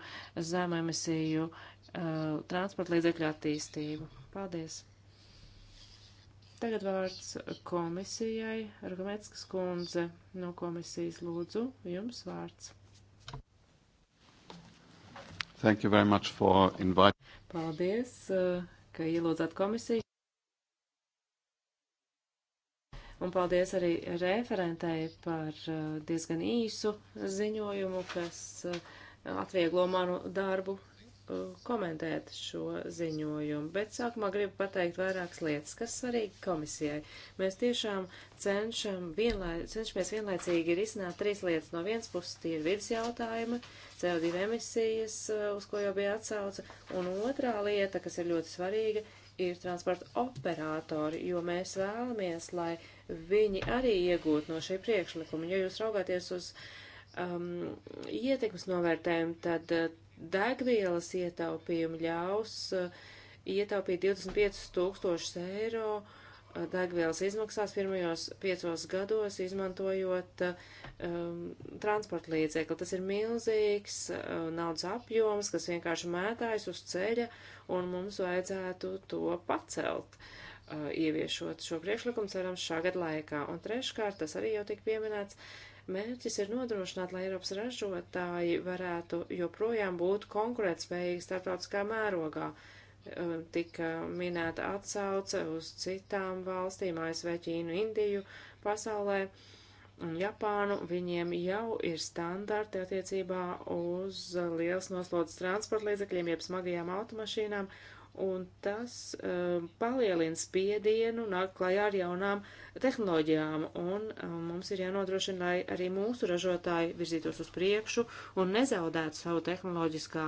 S1: zememisiju uh, transporta līdzekļu attīstību. Paldies! Tagad vārds komisijai. Rugametskas kundze no komisijas lūdzu, jums vārds.
S3: Thank you very much for inviting.
S1: Paldies, eh, ka ielūdzāt komisiju. Un paldies arī referentei par eh, diezgan īsu ziņojumu, kas eh, atvieglo manu darbu komentēt šo ziņojumu, bet sākumā gribu pateikt vairākas lietas, kas svarīgi komisijai. Mēs tiešām cenšam vienlai, cenšamies vienlaicīgi risināt trīs lietas. No vienas puses tie ir vidas jautājumi, CO2 emisijas, eh, uz ko jau bija atsauca, un otrā lieta, kas ir ļoti svarīga, ir transporta operatori, jo mēs vēlamies, lai viņi arī iegūtu no šī priekšlikuma. Ja jūs raugāties uz um, ietekmes novērtējumu, tad uh, degvielas ietaupījumi ļaus eh, ietaupīt 25 tūkstošus eiro eh, degvielas izmaksās pirmajos piecos gados, izmantojot eh, um, transporta līdzekli. Tas ir milzīgs uh, naudas apjoms, kas vienkārši mētājas uz ceļa, un mums vajadzētu to pacelt, uh, ieviešot šo priekšlikumu, cerams, šā gada laikā. Un treškārt, tas arī jau tika pieminēts, uh, Mērķis ir nodrošināt, lai Eiropas ražotāji varētu joprojām būt konkurētspējīgi starptautiskā mērogā. Ehm, tika minēta atsauce uz citām valstīm, ASV, Ķīnu, Indiju pasaulē un Japānu. Viņiem jau ir standarti attiecībā uz liels noslodzes transporta līdzekļiem, jeb smagajām automašīnām un tas um, palielina spiedienu nāk klajā ar jaunām tehnoloģijām, un um, mums ir jānodrošina, lai arī mūsu ražotāji virzītos uz priekšu un nezaudētu savu tehnoloģiskā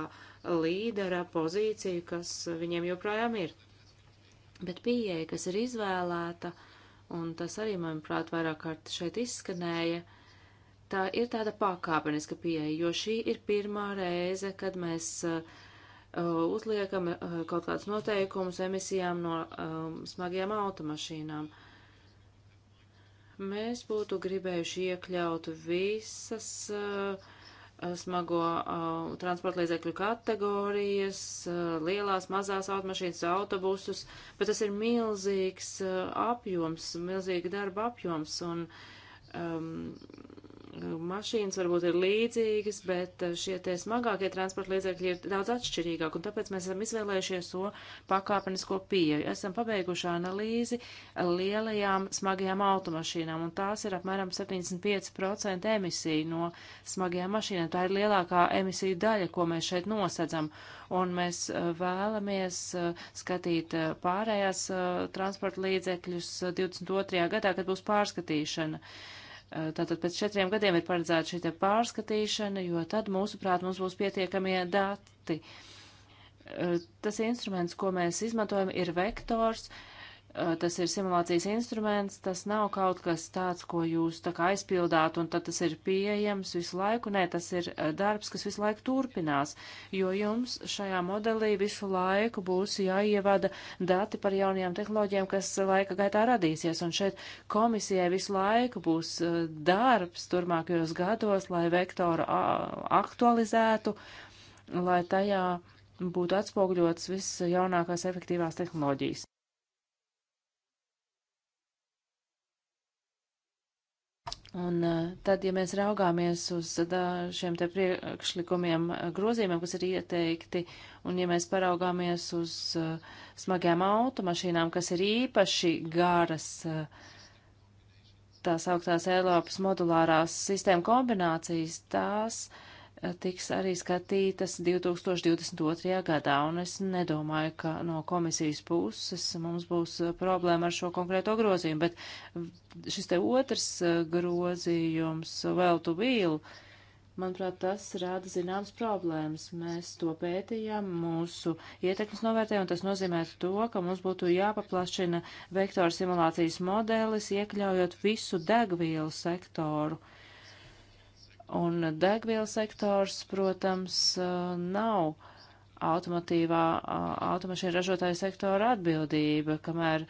S1: līdera pozīciju, kas viņiem joprojām ir. Bet pieeja, kas ir izvēlēta, un tas arī, manuprāt, vairāk kārt šeit izskanēja, tā ir tāda pakāpeniska pieeja, jo šī ir pirmā reize, kad mēs uh, Uh, uzliekam uh, kaut kādus noteikumus emisijām no um, smagajām automašīnām. Mēs būtu gribējuši iekļaut visas uh, smago uh, transporta līdzekļu kategorijas, uh, lielās, mazās automašīnas, autobusus, bet tas ir milzīgs uh, apjoms, milzīga darba apjoms, un um, mašīnas varbūt ir līdzīgas, bet eh, šie tie smagākie transporta līdzekļi ir daudz atšķirīgāk, un tāpēc mēs esam izvēlējušies šo pakāpenisko pieeju. Esam pabeiguši analīzi lielajām smagajām automašīnām, un tās ir apmēram 75% emisiju no smagajām mašīnām. Tā ir lielākā emisija daļa, ko mēs šeit nosedzam, un mēs eh, vēlamies eh, skatīt pārējās transporta līdzekļus 22. gadā, kad būs pārskatīšana. Uh, Tātad pēc četriem gadiem ir paredzēta šī pārskatīšana, jo tad, mūsuprāt, mums būs pietiekamie dati. Tas instruments, ko mēs izmantojam, ir vektors, Eh, tas ir simulācijas instruments, tas nav kaut kas tāds, ko jūs tā kā aizpildāt un tad tas ir pieejams visu laiku. Nē, tas ir eh, darbs, kas visu laiku turpinās, jo jums šajā modelī visu laiku būs jāievada dati par jaunajām tehnoloģijām, kas laika gaitā radīsies. Un šeit komisijai visu laiku būs eh, darbs turmākajos gados, lai vektoru aktualizētu, lai tajā būtu atspoguļots viss jaunākās efektīvās tehnoloģijas. Un e, tad, ja mēs raugāmies uz e, šiem te priekšlikumiem e, grozījumiem, kas ir ieteikti, un ja mēs paraugāmies uz smagajām automašīnām, kas ir īpaši garas, tās augtās Eiropas modulārās sistēma kombinācijas, tās uh, tiks arī skatītas 2022. gadā, un es nedomāju, ka no komisijas puses mums būs problēma ar šo konkrēto grozījumu, bet šis te otrs eh, grozījums, vēl tu vīlu, manuprāt, tas rada zināmas problēmas. Mēs to pētījām, mūsu ietekmes novērtējām, un tas nozīmē to, ka mums būtu jāpaplašina vektora simulācijas modelis, iekļaujot visu degvielu sektoru. Uh, Un degviela sektors, protams, nav automatīvā automašīna ražotāja sektora atbildība, kamēr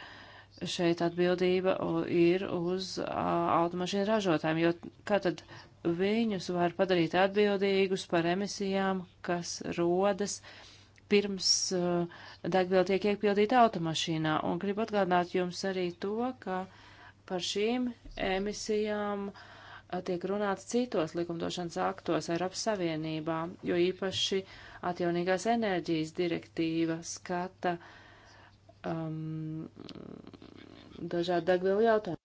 S1: šeit atbildība ir uz automašīnu ražotājiem, jo kā tad viņus var padarīt atbildīgus par emisijām, kas rodas pirms degviela tiek iepildīta automašīnā. Un gribu atgādināt jums arī to, ka par šīm emisijām uh, tiek runāts citos likumdošanas aktos Eiropas Savienībā, jo īpaši atjaunīgās enerģijas direktīva skata um, dažādi degvielu jautājumi.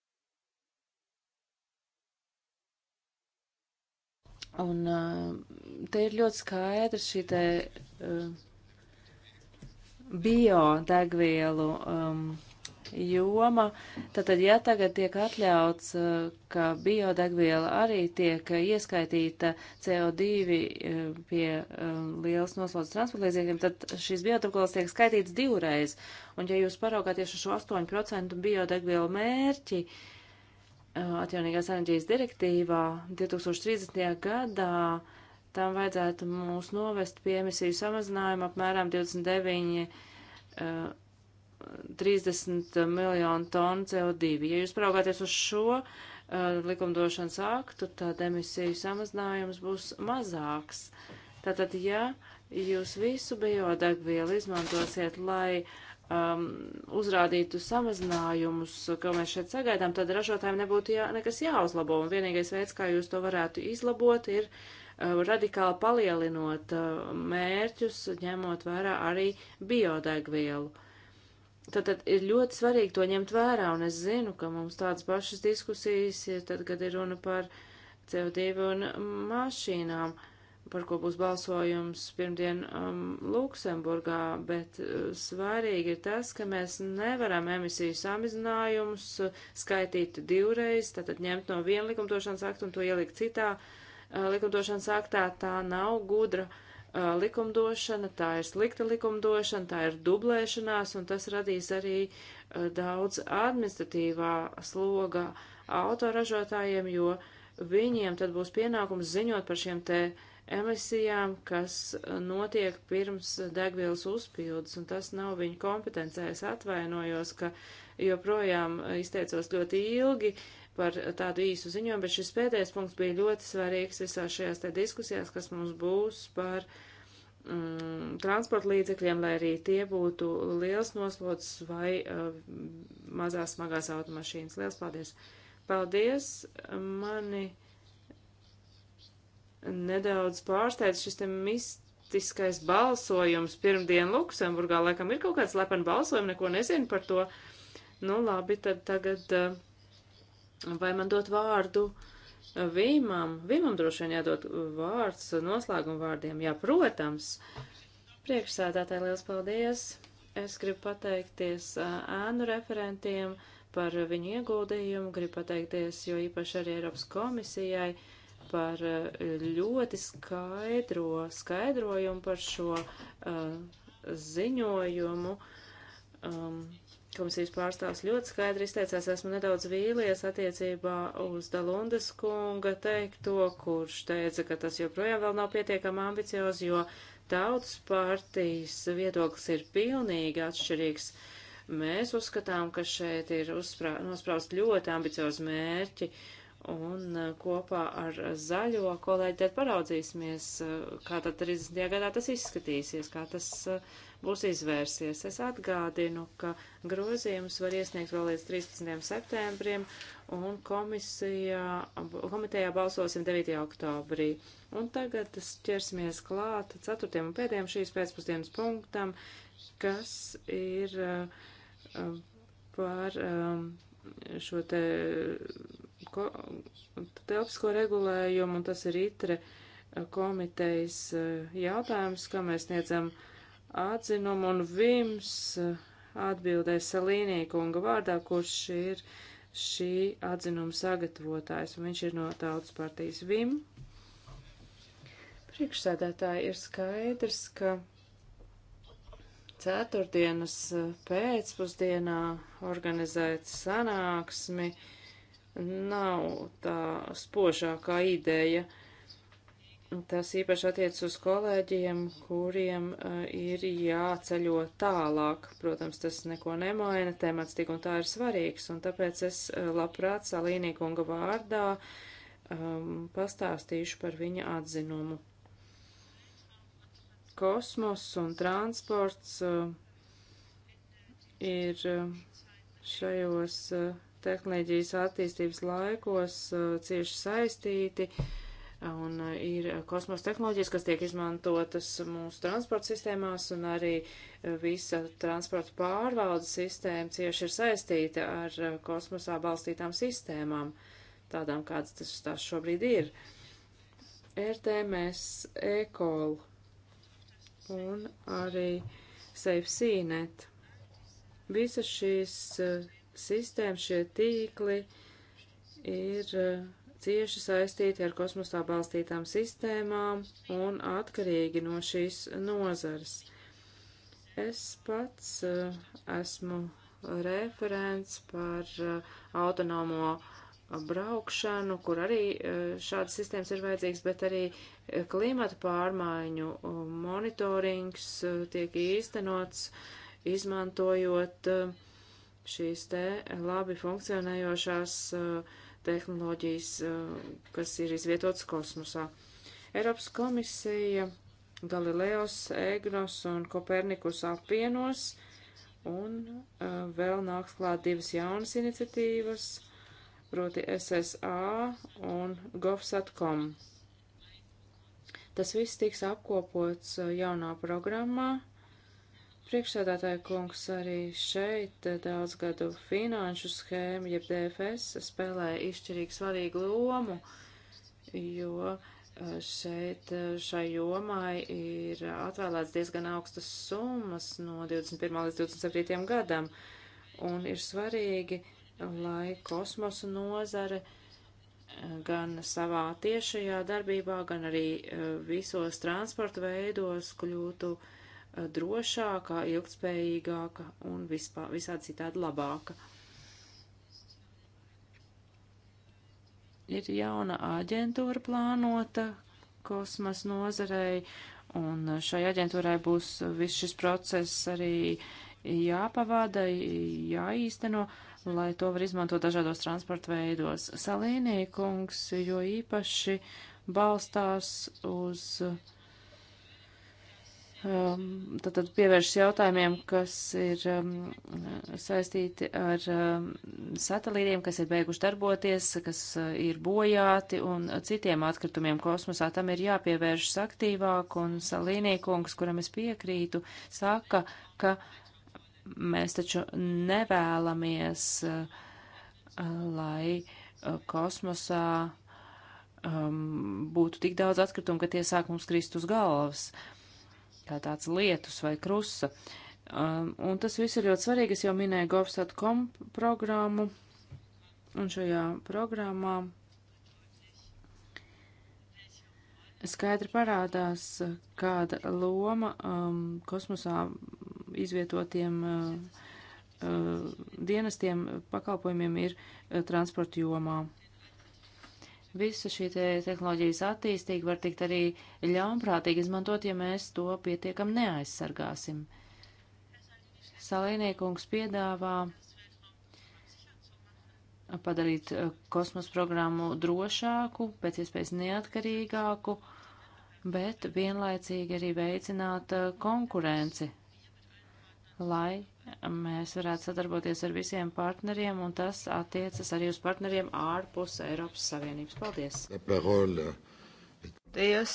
S1: Un uh, te ir ļoti skaidra šī te uh, biodegvielu um, joma. Tātad, ja tagad tiek atļauts, eh, ka biodegviela arī tiek ieskaitīta CO2 eh, pie eh, lielas noslodzes transportlīdzekļiem, tad šis biodegvielas tiek skaitīts divreiz. Un ja jūs paraugāties uz šo 8% biodegvielu mērķi atjaunīgās enerģijas direktīvā 2030. gadā, tam vajadzētu mūs novest pie emisiju samazinājuma apmēram 29 30 miljonu tonu CO2. Ja jūs praugāties uz šo uh, likumdošanas aktu, tad emisiju samazinājums būs mazāks. Tātad, ja jūs visu biodegvielu izmantosiet, lai um, uzrādītu samazinājumus, ko mēs šeit sagaidām, tad ražotājiem nebūtu jā, nekas jāuzlabo. Un vienīgais veids, kā jūs to varētu izlabot, ir uh, radikāli palielinot uh, mērķus, ņemot vērā arī biodegvielu. Uh, Tātad ir ļoti svarīgi to ņemt vērā, un es zinu, ka mums tādas pašas diskusijas ir tad, kad ir runa par CO2 un mašīnām, par ko būs balsojums pirmdien um, Luksemburgā, bet uh, svarīgi ir tas, ka mēs nevaram emisiju samazinājumus uh, skaitīt divreiz, tātad ņemt no viena likumdošanas akta un to ielikt citā uh, likumdošanas aktā, tā nav gudra uh, Uh, likumdošana, tā ir slikta likumdošana, tā ir dublēšanās, un tas radīs arī uh, daudz administratīvā sloga autoražotājiem, jo viņiem tad būs pienākums ziņot par šiem te emisijām, kas uh, notiek pirms degvielas uzpildes, un tas nav viņu kompetencē. Es atvainojos, ka joprojām izteicos ļoti ilgi, uh, par tādu īsu ziņojumu, bet šis pēdējais punkts bija ļoti svarīgs visās šajās te diskusijās, kas mums būs par mm, transporta līdzekļiem, lai arī tie būtu liels noslodzes vai uh, mazās smagās automašīnas. Liels paldies! Paldies! Mani nedaudz pārsteidz šis te mistiskais balsojums pirmdien Luksemburgā. Laikam ir kaut kāds lepeni balsojumi, neko nezinu par to. Nu labi, tad tagad. Uh, Vai man dot vārdu Vīmam? Vīmam droši vien jādod vārds noslēguma vārdiem. Jā, protams. Priekšsēdētāji, liels paldies! Es gribu pateikties ēnu referentiem par viņu ieguldījumu, gribu pateikties jo īpaši arī Eiropas komisijai par ļoti skaidro skaidrojumu par šo uh, ziņojumu. Um, Komisijas pārstāvs ļoti skaidri izteicās, esmu nedaudz vīlies attiecībā uz Dalundas kunga teikto, kurš teica, ka tas joprojām vēl nav pietiekami ambiciozi, jo tautas partijas viedoklis ir pilnīgi atšķirīgs. Mēs uzskatām, ka šeit ir uzsprā, nospraust ļoti ambiciozi mērķi, un uh, kopā ar zaļo kolēģi tad paraudzīsimies, uh, kā tad 30. gadā tas izskatīsies, kā tas uh, būs izvērsies. Es atgādinu, ka grozījumus var iesniegt vēl līdz 13. septembrim un komisijā, komitejā balsosim 9. oktobrī. Un tagad ķersimies klāt ceturtiem un pēdējiem šīs pēcpusdienas punktam, kas ir uh, par um, šo te ko, telpisko regulējumu, un tas ir itre uh, komitejas uh, jautājums, kā mēs sniedzam uh, atzinumu, un Vims eh, atbildēs Salīnija kunga vārdā, kurš ir šī atzinuma sagatavotājs, un viņš ir no tautas partijas Vim. Priekšsēdētāji ir skaidrs, ka ceturtdienas eh, pēcpusdienā organizēt sanāksmi nav tā spožākā ideja. Uh, Tas īpaši attiec uz kolēģiem, kuriem uh, ir jāceļo tālāk. Protams, tas neko nemaina, temats tik un tā ir svarīgs, un tāpēc es uh, labprāt Salīnīkunga vārdā um, pastāstīšu par viņa atzinumu. Kosmos un transports uh, ir uh, šajos uh, tehnoloģijas attīstības laikos uh, cieši saistīti. Uh, Un uh, ir uh, kosmosa tehnoloģijas, kas tiek izmantotas mūsu transporta sistēmās, un arī uh, visa transporta pārvaldes sistēma cieši ir saistīta ar kosmosā balstītām sistēmām, tādām kādas tas tās šobrīd ir. RTMS, ECOL un arī SafeCNet. Visas šīs sistēmas, šie tīkli ir cieši saistīti ar kosmosā balstītām sistēmām un atkarīgi no šīs nozares. Es pats uh, esmu referents par uh, autonomo braukšanu, kur arī eh, šādas sistēmas ir vajadzīgas, bet arī klimata pārmaiņu monitorings tiek īstenots, izmantojot šīs te labi funkcionējošās uh, tehnoloģijas, eh, kas ir izvietotas kosmosā. Eiropas komisija Galileos, Egnos un Kopernikus apvienos, un eh, vēl nāks klāt divas jaunas iniciatīvas, proti SSA un GovSatcom. Tas viss tiks apkopots eh, jaunā programmā Priekšsēdētāja kungs arī šeit eh, daudzgadu finanšu schēma, jeb DFS, spēlē izšķirīgi svarīgu lomu, jo eh, šeit eh, šai jomai ir atvēlēts diezgan augstas summas no 21. līdz 27. gadam, un ir svarīgi, lai kosmosa nozare gan savā tiešajā darbībā, gan arī visos transporta veidos kļūtu uh, drošāka, ilgspējīgāka un vispār, visādi citādi labāka. Ir jauna aģentūra plānota kosmas nozarei, un šai aģentūrai būs viss šis process arī jāpavada, jāīsteno, lai to var izmantot dažādos transporta veidos. Salīnī kungs jo īpaši balstās uz uh, Um, tad, tad pievēršas jautājumiem, kas ir um, saistīti ar um, satelītiem, kas ir beiguši darboties, kas uh, ir bojāti un citiem atkritumiem kosmosā. Tam ir jāpievēršas aktīvāk un salīnīkungs, kuram es piekrītu, saka, ka mēs taču nevēlamies, uh, lai uh, kosmosā um, būtu tik daudz atkritumu, ka tie sāk mums krist uz galvas. Uh, kā tāds lietus vai krusa. Um, un tas viss ir ļoti svarīgi. Es jau minēju Govstat.com programmu, un šajā programmā skaidri parādās, kāda loma um, kosmosā izvietotiem uh, uh, dienestiem pakalpojumiem ir uh, transporta jomā. Visa šī te tehnoloģijas attīstība var tikt arī ļaunprātīgi izmantot, ja mēs to pietiekam neaizsargāsim. Salīniekungs piedāvā padarīt eh, kosmos programmu drošāku, pēc iespējas neatkarīgāku, bet vienlaicīgi arī veicināt eh, konkurenci, lai mēs varētu sadarboties ar visiem partneriem, un tas attiecas arī uz partneriem ārpus Eiropas Savienības. Paldies! Paldies,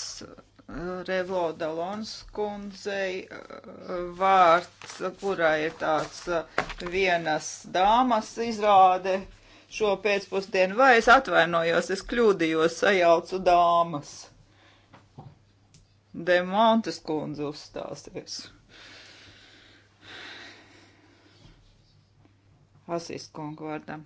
S1: Revo Dalons
S3: kundzei, vārds, kurā ir tāds vienas dāmas izrāde šo pēcpusdienu, vai es atvainojos, es kļūdījos, sajaucu dāmas. Demontes kundze uzstāsies. Asiskungu vārdam.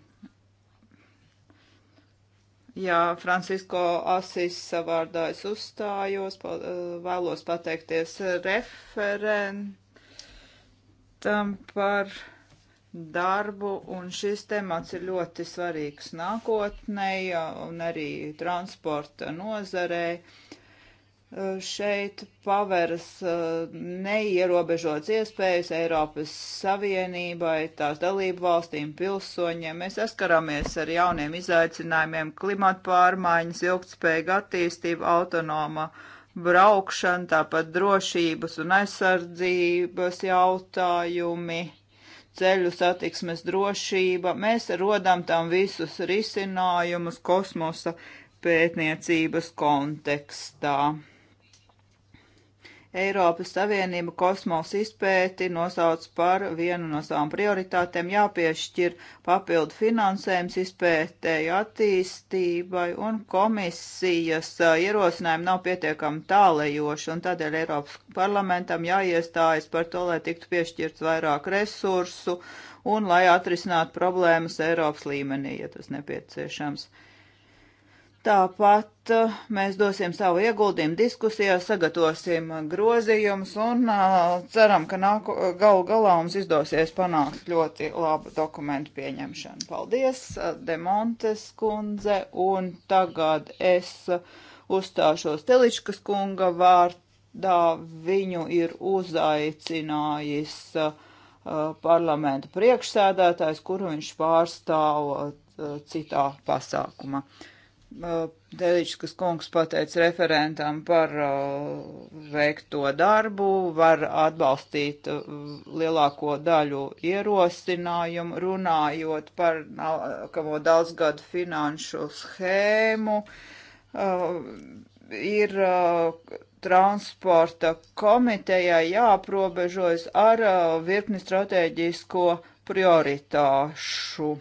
S3: Jā, Francisko Asis savārdā es uzstājos, pa, eh, vēlos pateikties referentam par darbu, un šis temats ir ļoti svarīgs nākotnē un arī transporta nozarei šeit paveras uh, neierobežots iespējas Eiropas Savienībai, tās dalību valstīm, pilsoņiem. Mēs saskaramies ar jauniem izaicinājumiem - klimata pārmaiņas, ilgtspējīga attīstība, autonoma braukšana, tāpat drošības un aizsardzības jautājumi, ceļu satiksmes drošība. Mēs rodam tam visus risinājumus kosmosa pētniecības kontekstā Eiropas Savienība kosmosa izpēti nosauc par vienu no savām prioritātēm, jāpiešķir papildu finansējums izpētēju attīstībai, un komisijas ierosinājumi nav pietiekami tālējoši, un tādēļ Eiropas parlamentam jāiestājas par to, lai tiktu piešķirts vairāk resursu un lai atrisinātu problēmas Eiropas līmenī, ja tas nepieciešams. Tāpat eh, mēs dosim savu ieguldījumu diskusijā, sagatavosim eh, grozījumus un eh, ceram, ka nāku, galu galā mums izdosies panākt ļoti labu dokumentu pieņemšanu. Paldies, Demontes kundze, un tagad es uzstāšos Teličkas kunga vārdā. Viņu ir uzaicinājis parlamenta priekšsēdētājs, kuru viņš pārstāv citā pasākumā. Deličkas kungs pateica referentam par veikto darbu, var atbalstīt lielāko daļu ierosinājumu, runājot par nākamo daudzgadu finanšu schēmu. Ir transporta komitejai jāaprobežojas ar virkni stratēģisko prioritāšu.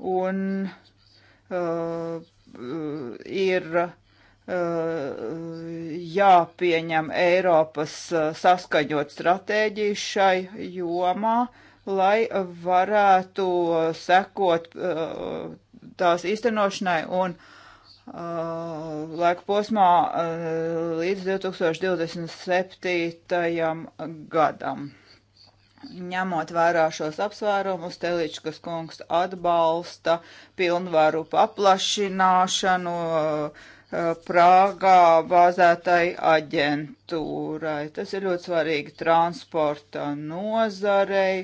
S3: Un uh, Uh, ir uh, jāpieņem Eiropas uh, saskaņot stratēģiju šai jomā, lai varētu sekot tās īstenošanai un laika posmā līdz 2027. gadam ņemot vērā šos apsvērumus, Teličkas kungs atbalsta pilnvaru paplašināšanu uh, uh, Prāgā bāzētai aģentūrai. Tas ir ļoti svarīgi transporta nozarei,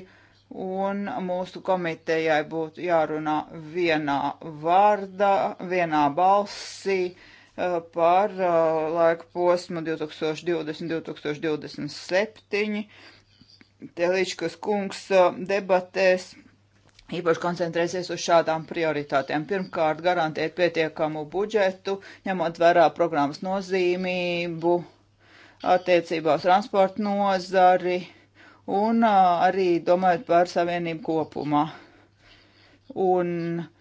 S3: un mūsu komitejai būtu jārunā vienā vārdā, vienā balsī uh, par laika posmu 2020-2027 Teliškas kungs uh, debatēs īpaši koncentrēsies uz šādām prioritātēm. Pirmkārt, garantēt pietiekamu budžetu, ņemot vērā programmas nozīmību attiecībā uz transportu nozari un uh, arī domājot par savienību kopumā. Un uh,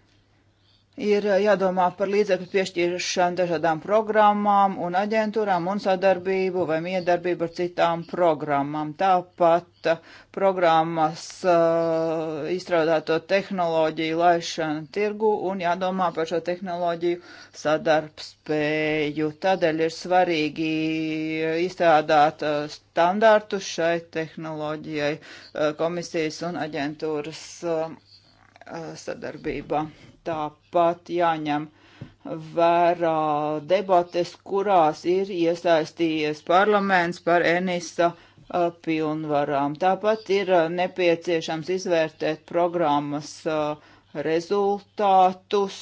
S3: Ir eh, jādomā par līdzekļu piešķiršanu dažādām programmām un aģentūrām un sadarbību vai miedarbību ar citām programmām. Tāpat eh, programmas uh, izstrādāto tehnoloģiju laišana tirgu un jādomā par šo tehnoloģiju sadarbspēju. Tādēļ ir svarīgi izstrādāt uh, standārtu šai tehnoloģijai uh, komisijas un aģentūras sadarbībā. Tāpat jāņem vērā debates, kurās ir iesaistījies parlaments par Enisa pilnvarām. Tāpat ir nepieciešams izvērtēt programmas rezultātus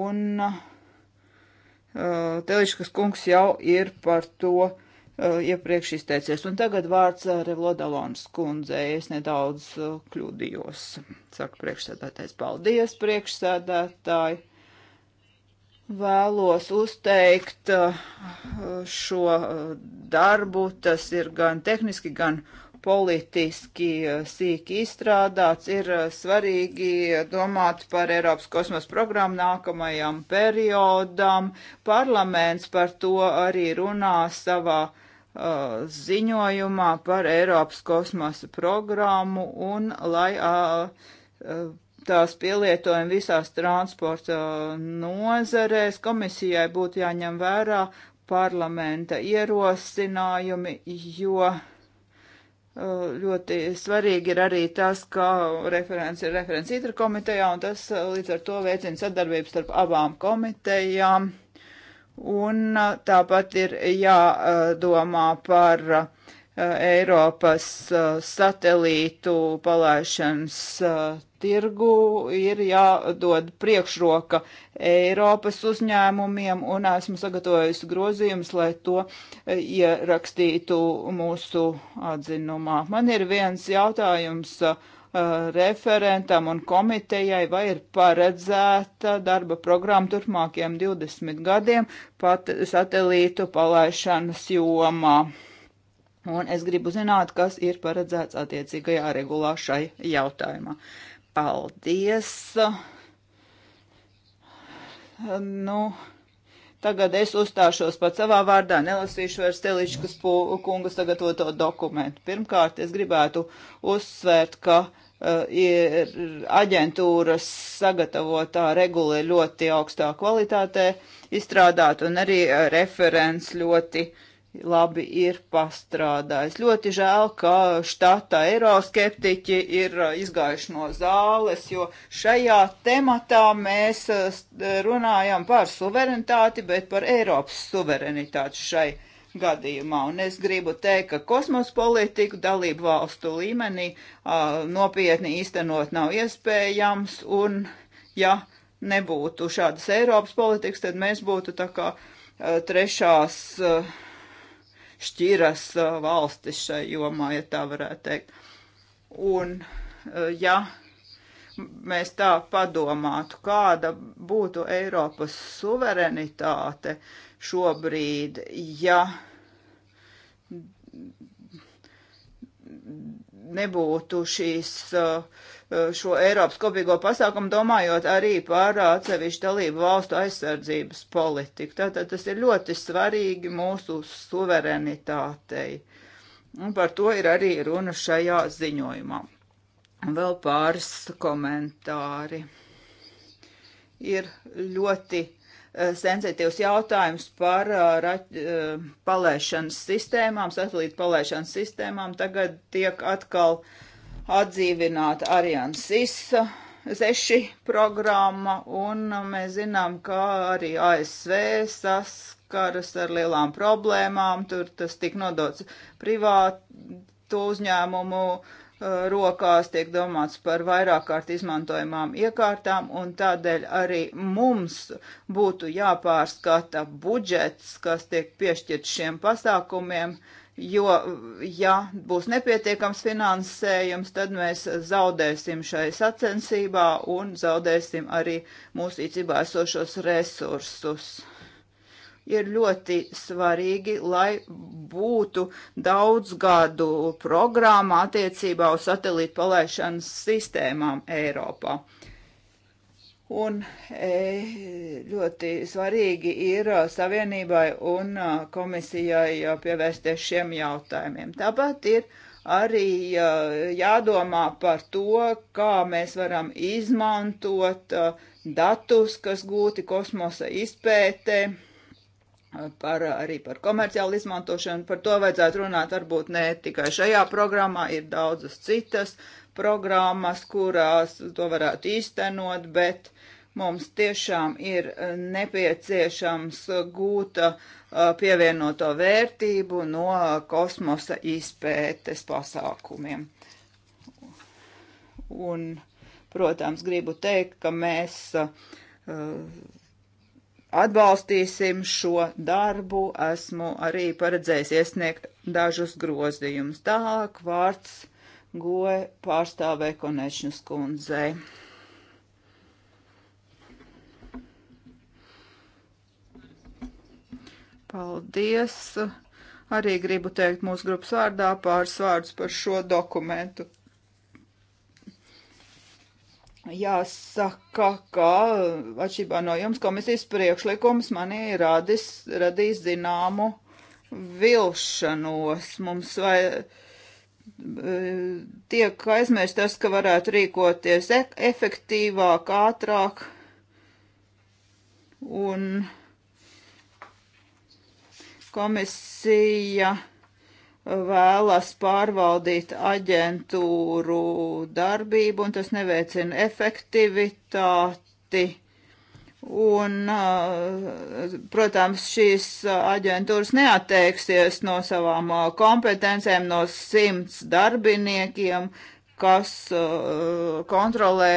S3: un Teliškas kungs jau ir par to Uh, iepriekš izteicies. Un tagad vārds uh, Revlodalons kundzei. Es nedaudz uh, kļūdījos. Saka priekšsēdētājs. Paldies, priekšsēdētāji. Vēlos uzteikt šo darbu. Tas ir gan tehniski, gan politiski sīki izstrādāts. Ir svarīgi domāt par Eiropas kosmosa programmu nākamajam periodam. Parlaments par to arī runā savā Uh, ziņojumā par Eiropas kosmosa programmu un lai uh, uh, tās pielietojumi visās transporta nozarēs komisijai būtu jāņem vērā parlamenta ierosinājumi, jo ļoti svarīgi ir arī tas, ka referents ir referents itra komitejā, un tas līdz ar to veicina sadarbības starp abām komitejām. Un tāpat ir jādomā par Eiropas satelītu palaišanas tirgu, ir jādod priekšroka Eiropas uzņēmumiem, un esmu sagatavojusi grozījumus, lai to ierakstītu mūsu atzinumā. Man ir viens jautājums. Uh, Uh, referentam un komitejai, vai ir paredzēta darba programma turpmākiem 20 gadiem pat satelītu palaišanas jomā. Un es gribu zināt, kas ir paredzēts attiecīgajā regulā šai jautājumā. Paldies! Nu, tagad es uzstāšos pat savā vārdā, nelasīšu vairs Teliškas kungas sagatavoto dokumentu. Pirmkārt, es gribētu uzsvērt, ka uh, Eh, ir aģentūras sagatavotā regula ļoti augstā kvalitātē izstrādāta un arī eh, referents ļoti labi ir pastrādājis. Ļoti žēl, ka štata eiroskeptiķi ir eh, izgājuši no zāles, jo šajā tematā mēs runājam par suverenitāti, bet par Eiropas suverenitāti šai gadījumā. Un es gribu teikt, ka kosmospolitiku dalību valstu līmenī uh, nopietni īstenot nav iespējams, un ja nebūtu šādas Eiropas politikas, tad mēs būtu tā kā uh, trešās uh, šķiras uh, valstis šai jomā, ja tā varētu teikt. Un, uh, ja mēs tā padomātu, kāda būtu Eiropas suverenitāte, uh, šobrīd, ja nebūtu šīs, uh, šo Eiropas kopīgo pasākumu, domājot arī par atsevišķu dalību valstu aizsardzības politiku. Tātad tas ir ļoti svarīgi mūsu suverenitātei. Un par to ir arī runa šajā ziņojumā. Un vēl pāris komentāri. Ir ļoti Eh, sensitīvs jautājums par eh, raķ, eh, palaišanas sistēmām, satelīta palaišanas sistēmām. Tagad tiek atkal atdzīvināta Ariane 6 programma, un mēs zinām, ka arī ASV saskaras ar lielām problēmām. Tur tas tika nodots privātu uzņēmumu uh, Eh, rokās, tiek domāts par vairāk kārt izmantojamām iekārtām, un tādēļ arī mums būtu jāpārskata budžets, kas tiek piešķirts šiem pasākumiem, jo, ja būs nepietiekams finansējums, tad mēs zaudēsim šai sacensībā un zaudēsim arī mūsu rīcībā esošos resursus ir ļoti svarīgi, lai būtu daudz gadu programma attiecībā uz satelītu palaišanas sistēmām Eiropā. Un e, ļoti svarīgi ir e, Savienībai un e, komisijai e, pievērsties šiem jautājumiem. Tāpat ir arī jādomā par to, kā mēs varam izmantot datus, kas gūti kosmosa izpētē par, arī par komerciālu izmantošanu. Par to vajadzētu runāt varbūt ne tikai šajā programmā, ir daudzas citas programmas, kurās to varētu īstenot, bet mums tiešām ir eh, nepieciešams gūt eh, pievienoto vērtību no eh, kosmosa izpētes pasākumiem. Un, protams, gribu teikt, ka mēs uh, atbalstīsim šo darbu. Esmu arī paredzējis iesniegt dažus grozījumus. Tālāk vārds goja pārstāvē Konečņas kundzei. Paldies! Arī gribu teikt mūsu grupas vārdā pāris vārdus par šo dokumentu. Jāsaka, ka atšķirībā no jums komisijas priekšlikums manī radis, radīs zināmu vilšanos. Mums vai e, tiek aizmirst tas, ka varētu rīkoties e efektīvāk, ātrāk un komisija vēlas pārvaldīt aģentūru darbību, un tas neveicina efektivitāti. Un, uh, protams, šīs aģentūras neatteiksies no savām uh, kompetencēm, no simts darbiniekiem, kas uh, kontrolē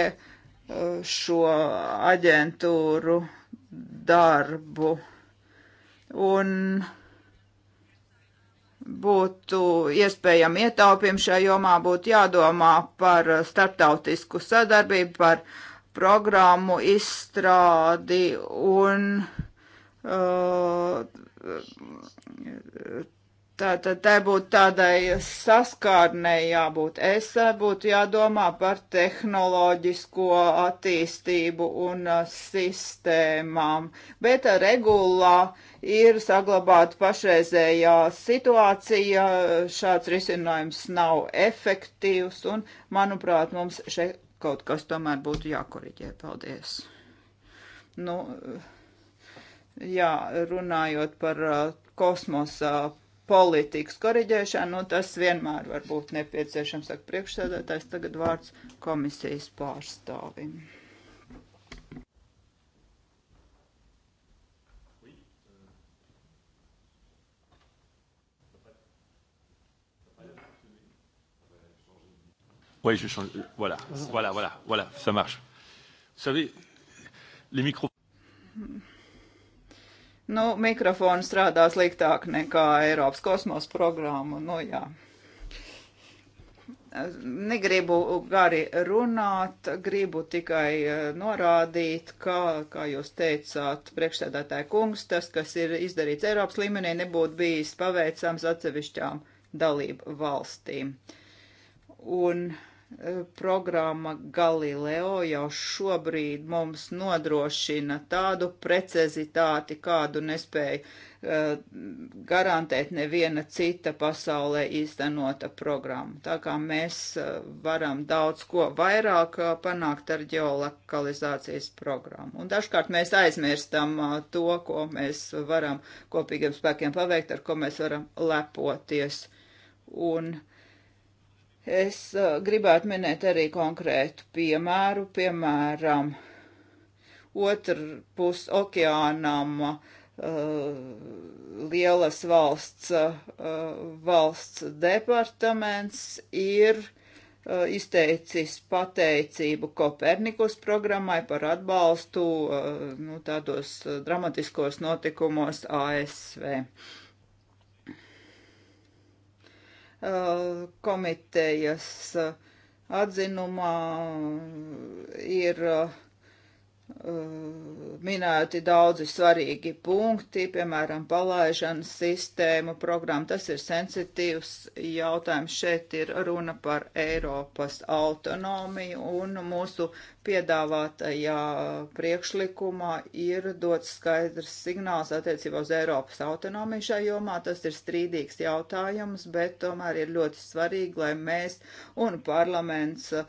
S3: šo aģentūru darbu. Un, uh, būtu iespējami ietaupījumi šajā jomā, būtu jādomā par starptautisku sadarbību, par programmu izstrādi un uh, Tā tad tā būtu tādai saskārnei jābūt. Es uh, būtu jādomā par tehnoloģisko attīstību un uh, sistēmām, bet uh, regulā uh, ir saglabāta pašreizējā situācija, šāds risinājums nav efektīvs, un, manuprāt, mums šeit kaut kas tomēr būtu jākoriģē. Paldies! Nu, jā, runājot par uh, kosmosa uh, politikas koriģēšanu, nu, tas vienmēr var būt nepieciešams, saka priekšsēdētājs, tagad vārds komisijas pārstāvim.
S1: Oui, je change. Euh, voilà, voilà, voilà, voilà, ça marche. Vous savez, les micros.
S3: Nu, mikrofoni strādā sliktāk nekā Eiropas kosmosa programma. Nu, jā. Negribu gari runāt, gribu tikai eh, norādīt, ka, kā jūs teicāt, priekšsēdētāja kungs, tas, kas ir izdarīts Eiropas līmenī, nebūtu bijis paveicams atsevišķām dalību valstīm. Un uh, Eh, programma Galileo jau šobrīd mums nodrošina tādu precizitāti, kādu nespēja uh, garantēt neviena cita pasaulē īstenota programma. Tā kā mēs uh, varam daudz ko vairāk uh, panākt ar ģeolokalizācijas programmu. Un dažkārt mēs aizmirstam to, ko mēs varam kopīgiem spēkiem paveikt, ar ko mēs varam lepoties. Un Es uh, gribētu minēt arī konkrētu piemēru, piemēram, otrpus okeānam uh, lielas valsts, eh, valsts departaments ir izteicis pateicību Kopernikus programmai par atbalstu nu, tādos dramatiskos notikumos ASV. Eh, komitejas eh, atzinumā eh, ir uh, Uh, minēti daudzi svarīgi punkti, piemēram, palaišanas sistēmu programmu. Tas ir sensitīvs jautājums. Šeit ir runa par Eiropas autonomiju un mūsu piedāvātajā priekšlikumā ir dots skaidrs signāls attiecībā uz Eiropas autonomiju šajā jomā. Tas ir strīdīgs jautājums, bet tomēr ir ļoti svarīgi, lai mēs un parlaments uh,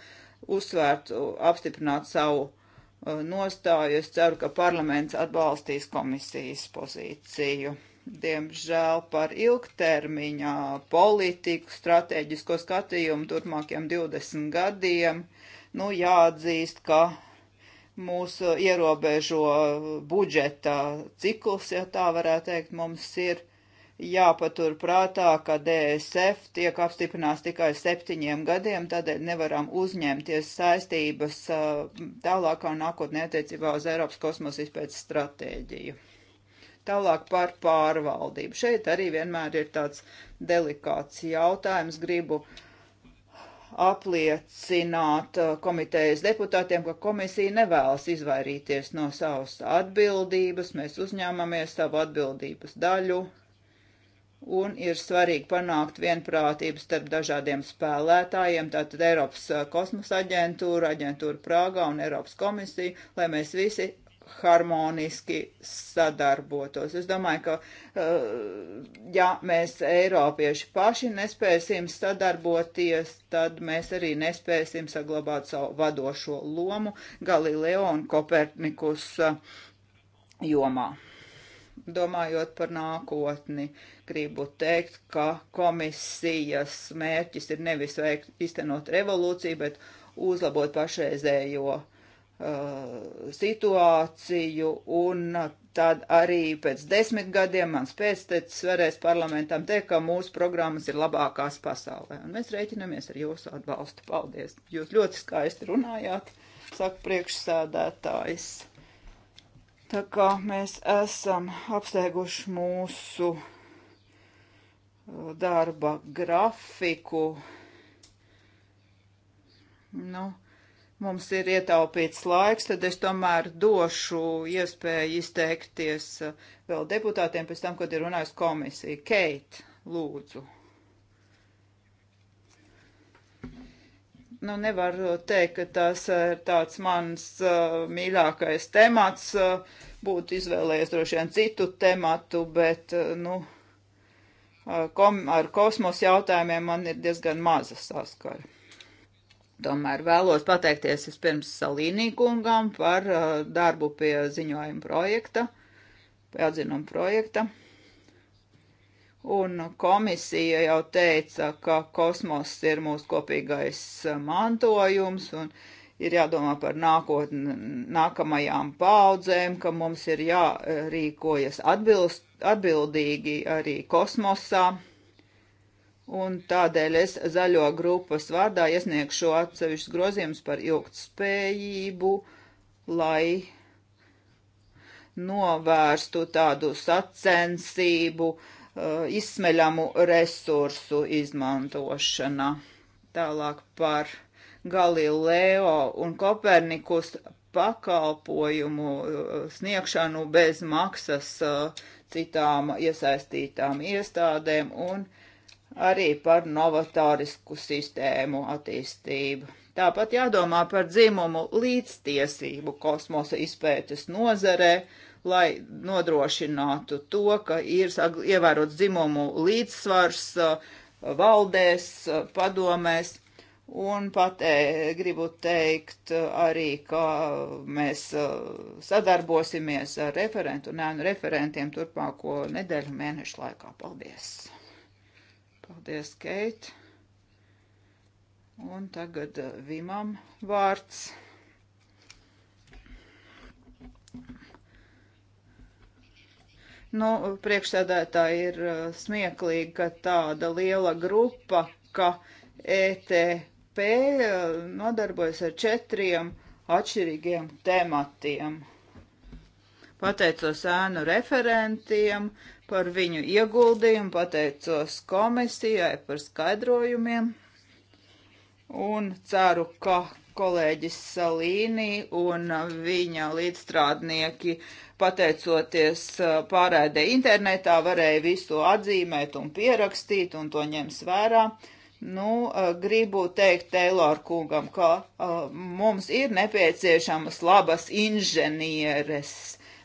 S3: uzsvērtu, apstiprinātu savu Uh, nostāju. Es ceru, ka parlaments atbalstīs komisijas pozīciju. Diemžēl par ilgtermiņā politiku, strateģisko skatījumu turpmākiem 20 gadiem, nu jāatzīst, ka mūs ierobežo budžeta cikls, ja tā varētu teikt, mums ir jāpatur prātā, ka DSF tiek apstiprināts tikai septiņiem gadiem, tādēļ nevaram uzņemties saistības uh, tālākā nākotnē attiecībā uz Eiropas kosmosa izpētes stratēģiju. Tālāk par pārvaldību. Šeit arī vienmēr ir tāds delikāts jautājums. Gribu apliecināt uh, komitejas deputātiem, ka komisija nevēlas izvairīties no savas atbildības. Mēs uzņēmamies savu atbildības daļu, un ir svarīgi panākt vienprātību starp dažādiem spēlētājiem, tātad Eiropas kosmosa aģentūra, aģentūra Prāgā un Eiropas komisija, lai mēs visi harmoniski sadarbotos. Es domāju, ka ja mēs Eiropieši paši nespēsim sadarboties, tad mēs arī nespēsim saglabāt savu vadošo lomu Galileo un Kopernikus jomā domājot par nākotni, gribu teikt, ka komisijas mērķis ir nevis veikt iztenot revolūciju, bet uzlabot pašreizējo uh, situāciju, un tad arī pēc desmit gadiem mans pēctecis varēs parlamentam teikt, ka mūsu programmas ir labākās pasaulē, un mēs rēķinamies ar jūsu atbalstu. Paldies! Jūs ļoti skaisti runājāt, saka priekšsēdētājs. Tā kā mēs esam apsteiguši mūsu uh, darba grafiku, nu, mums ir ietaupīts laiks, tad es tomēr došu iespēju izteikties uh, vēl deputātiem pēc tam, kad ir runājusi komisija. Keit, lūdzu. nu, nevaru teikt, ka tas ir tāds mans uh, mīļākais temats. Uh, būtu izvēlējies droši vien citu tematu, bet uh, nu, uh, kom, ar kosmosa jautājumiem man ir diezgan maza saskara. Tomēr vēlos pateikties vispirms Salīnī kungam par uh, darbu pie ziņojuma projekta, pie atzinuma projekta. Uh, Un komisija jau teica, ka kosmoss ir mūsu kopīgais mantojums un ir jādomā par nākotn, nākamajām paudzēm, ka mums ir jārīkojas atbilst, atbildīgi arī kosmosā. Un tādēļ es zaļo grupas vārdā iesniegšu atsevišķus grozījumus par ilgtspējību, lai novērstu tādu sacensību, uh, Uh, izsmeļamu resursu izmantošana. Tālāk par Galileo un Kopernikus pakalpojumu uh, sniegšanu bez maksas uh, citām iesaistītām iestādēm un arī par novatorisku sistēmu attīstību. Tāpat jādomā par dzimumu līdztiesību kosmosa izpētes nozarē, uh, lai nodrošinātu to, ka ir ievērots dzimumu līdzsvars uh, valdēs, uh, padomēs. Un pat e, gribu teikt uh, arī, ka mēs sadarbosimies ar referentu un ēnu referentiem turpmāko nedēļu mēnešu laikā. Paldies! Paldies, Keit! Un tagad Vimam vārds. Nu, priekšsēdētāji ir uh, smieklīgi, ka tāda liela grupa, ka ETP uh, nodarbojas ar četriem atšķirīgiem tematiem. Pateicos ēnu referentiem par viņu ieguldījumu, pateicos komisijai par skaidrojumiem un ceru, ka kolēģis Salīni un viņa līdzstrādnieki, pateicoties pārēdē internetā, varēja visu atzīmēt un pierakstīt un to ņems vērā. Nu, gribu teikt Teilor kungam, ka mums ir nepieciešamas labas inženieres,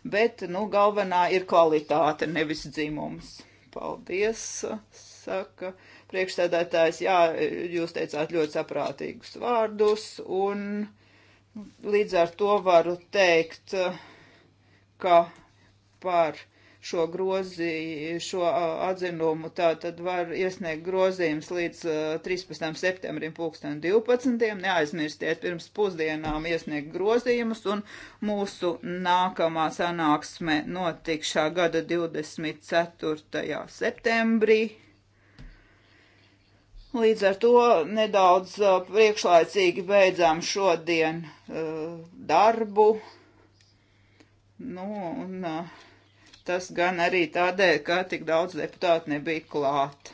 S3: bet, nu, galvenā ir kvalitāte, nevis dzimums. Paldies, saka priekšsēdētājs, jā, jūs teicāt ļoti saprātīgus vārdus, un līdz ar to varu teikt, ka par šo grozi, šo atzinumu, tā tad var iesniegt grozījums līdz 13. septembrim 2012. Neaizmirstiet pirms pusdienām iesniegt grozījumus, un mūsu nākamā sanāksme notiks šā gada 24. septembrī. Līdz ar to nedaudz uh, priekšlaicīgi beidzām šodien uh, darbu. Nu, un uh, tas gan arī tādēļ, ka tik daudz deputātu nebija klāt.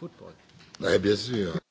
S3: Football.
S2: Eh bien sûr.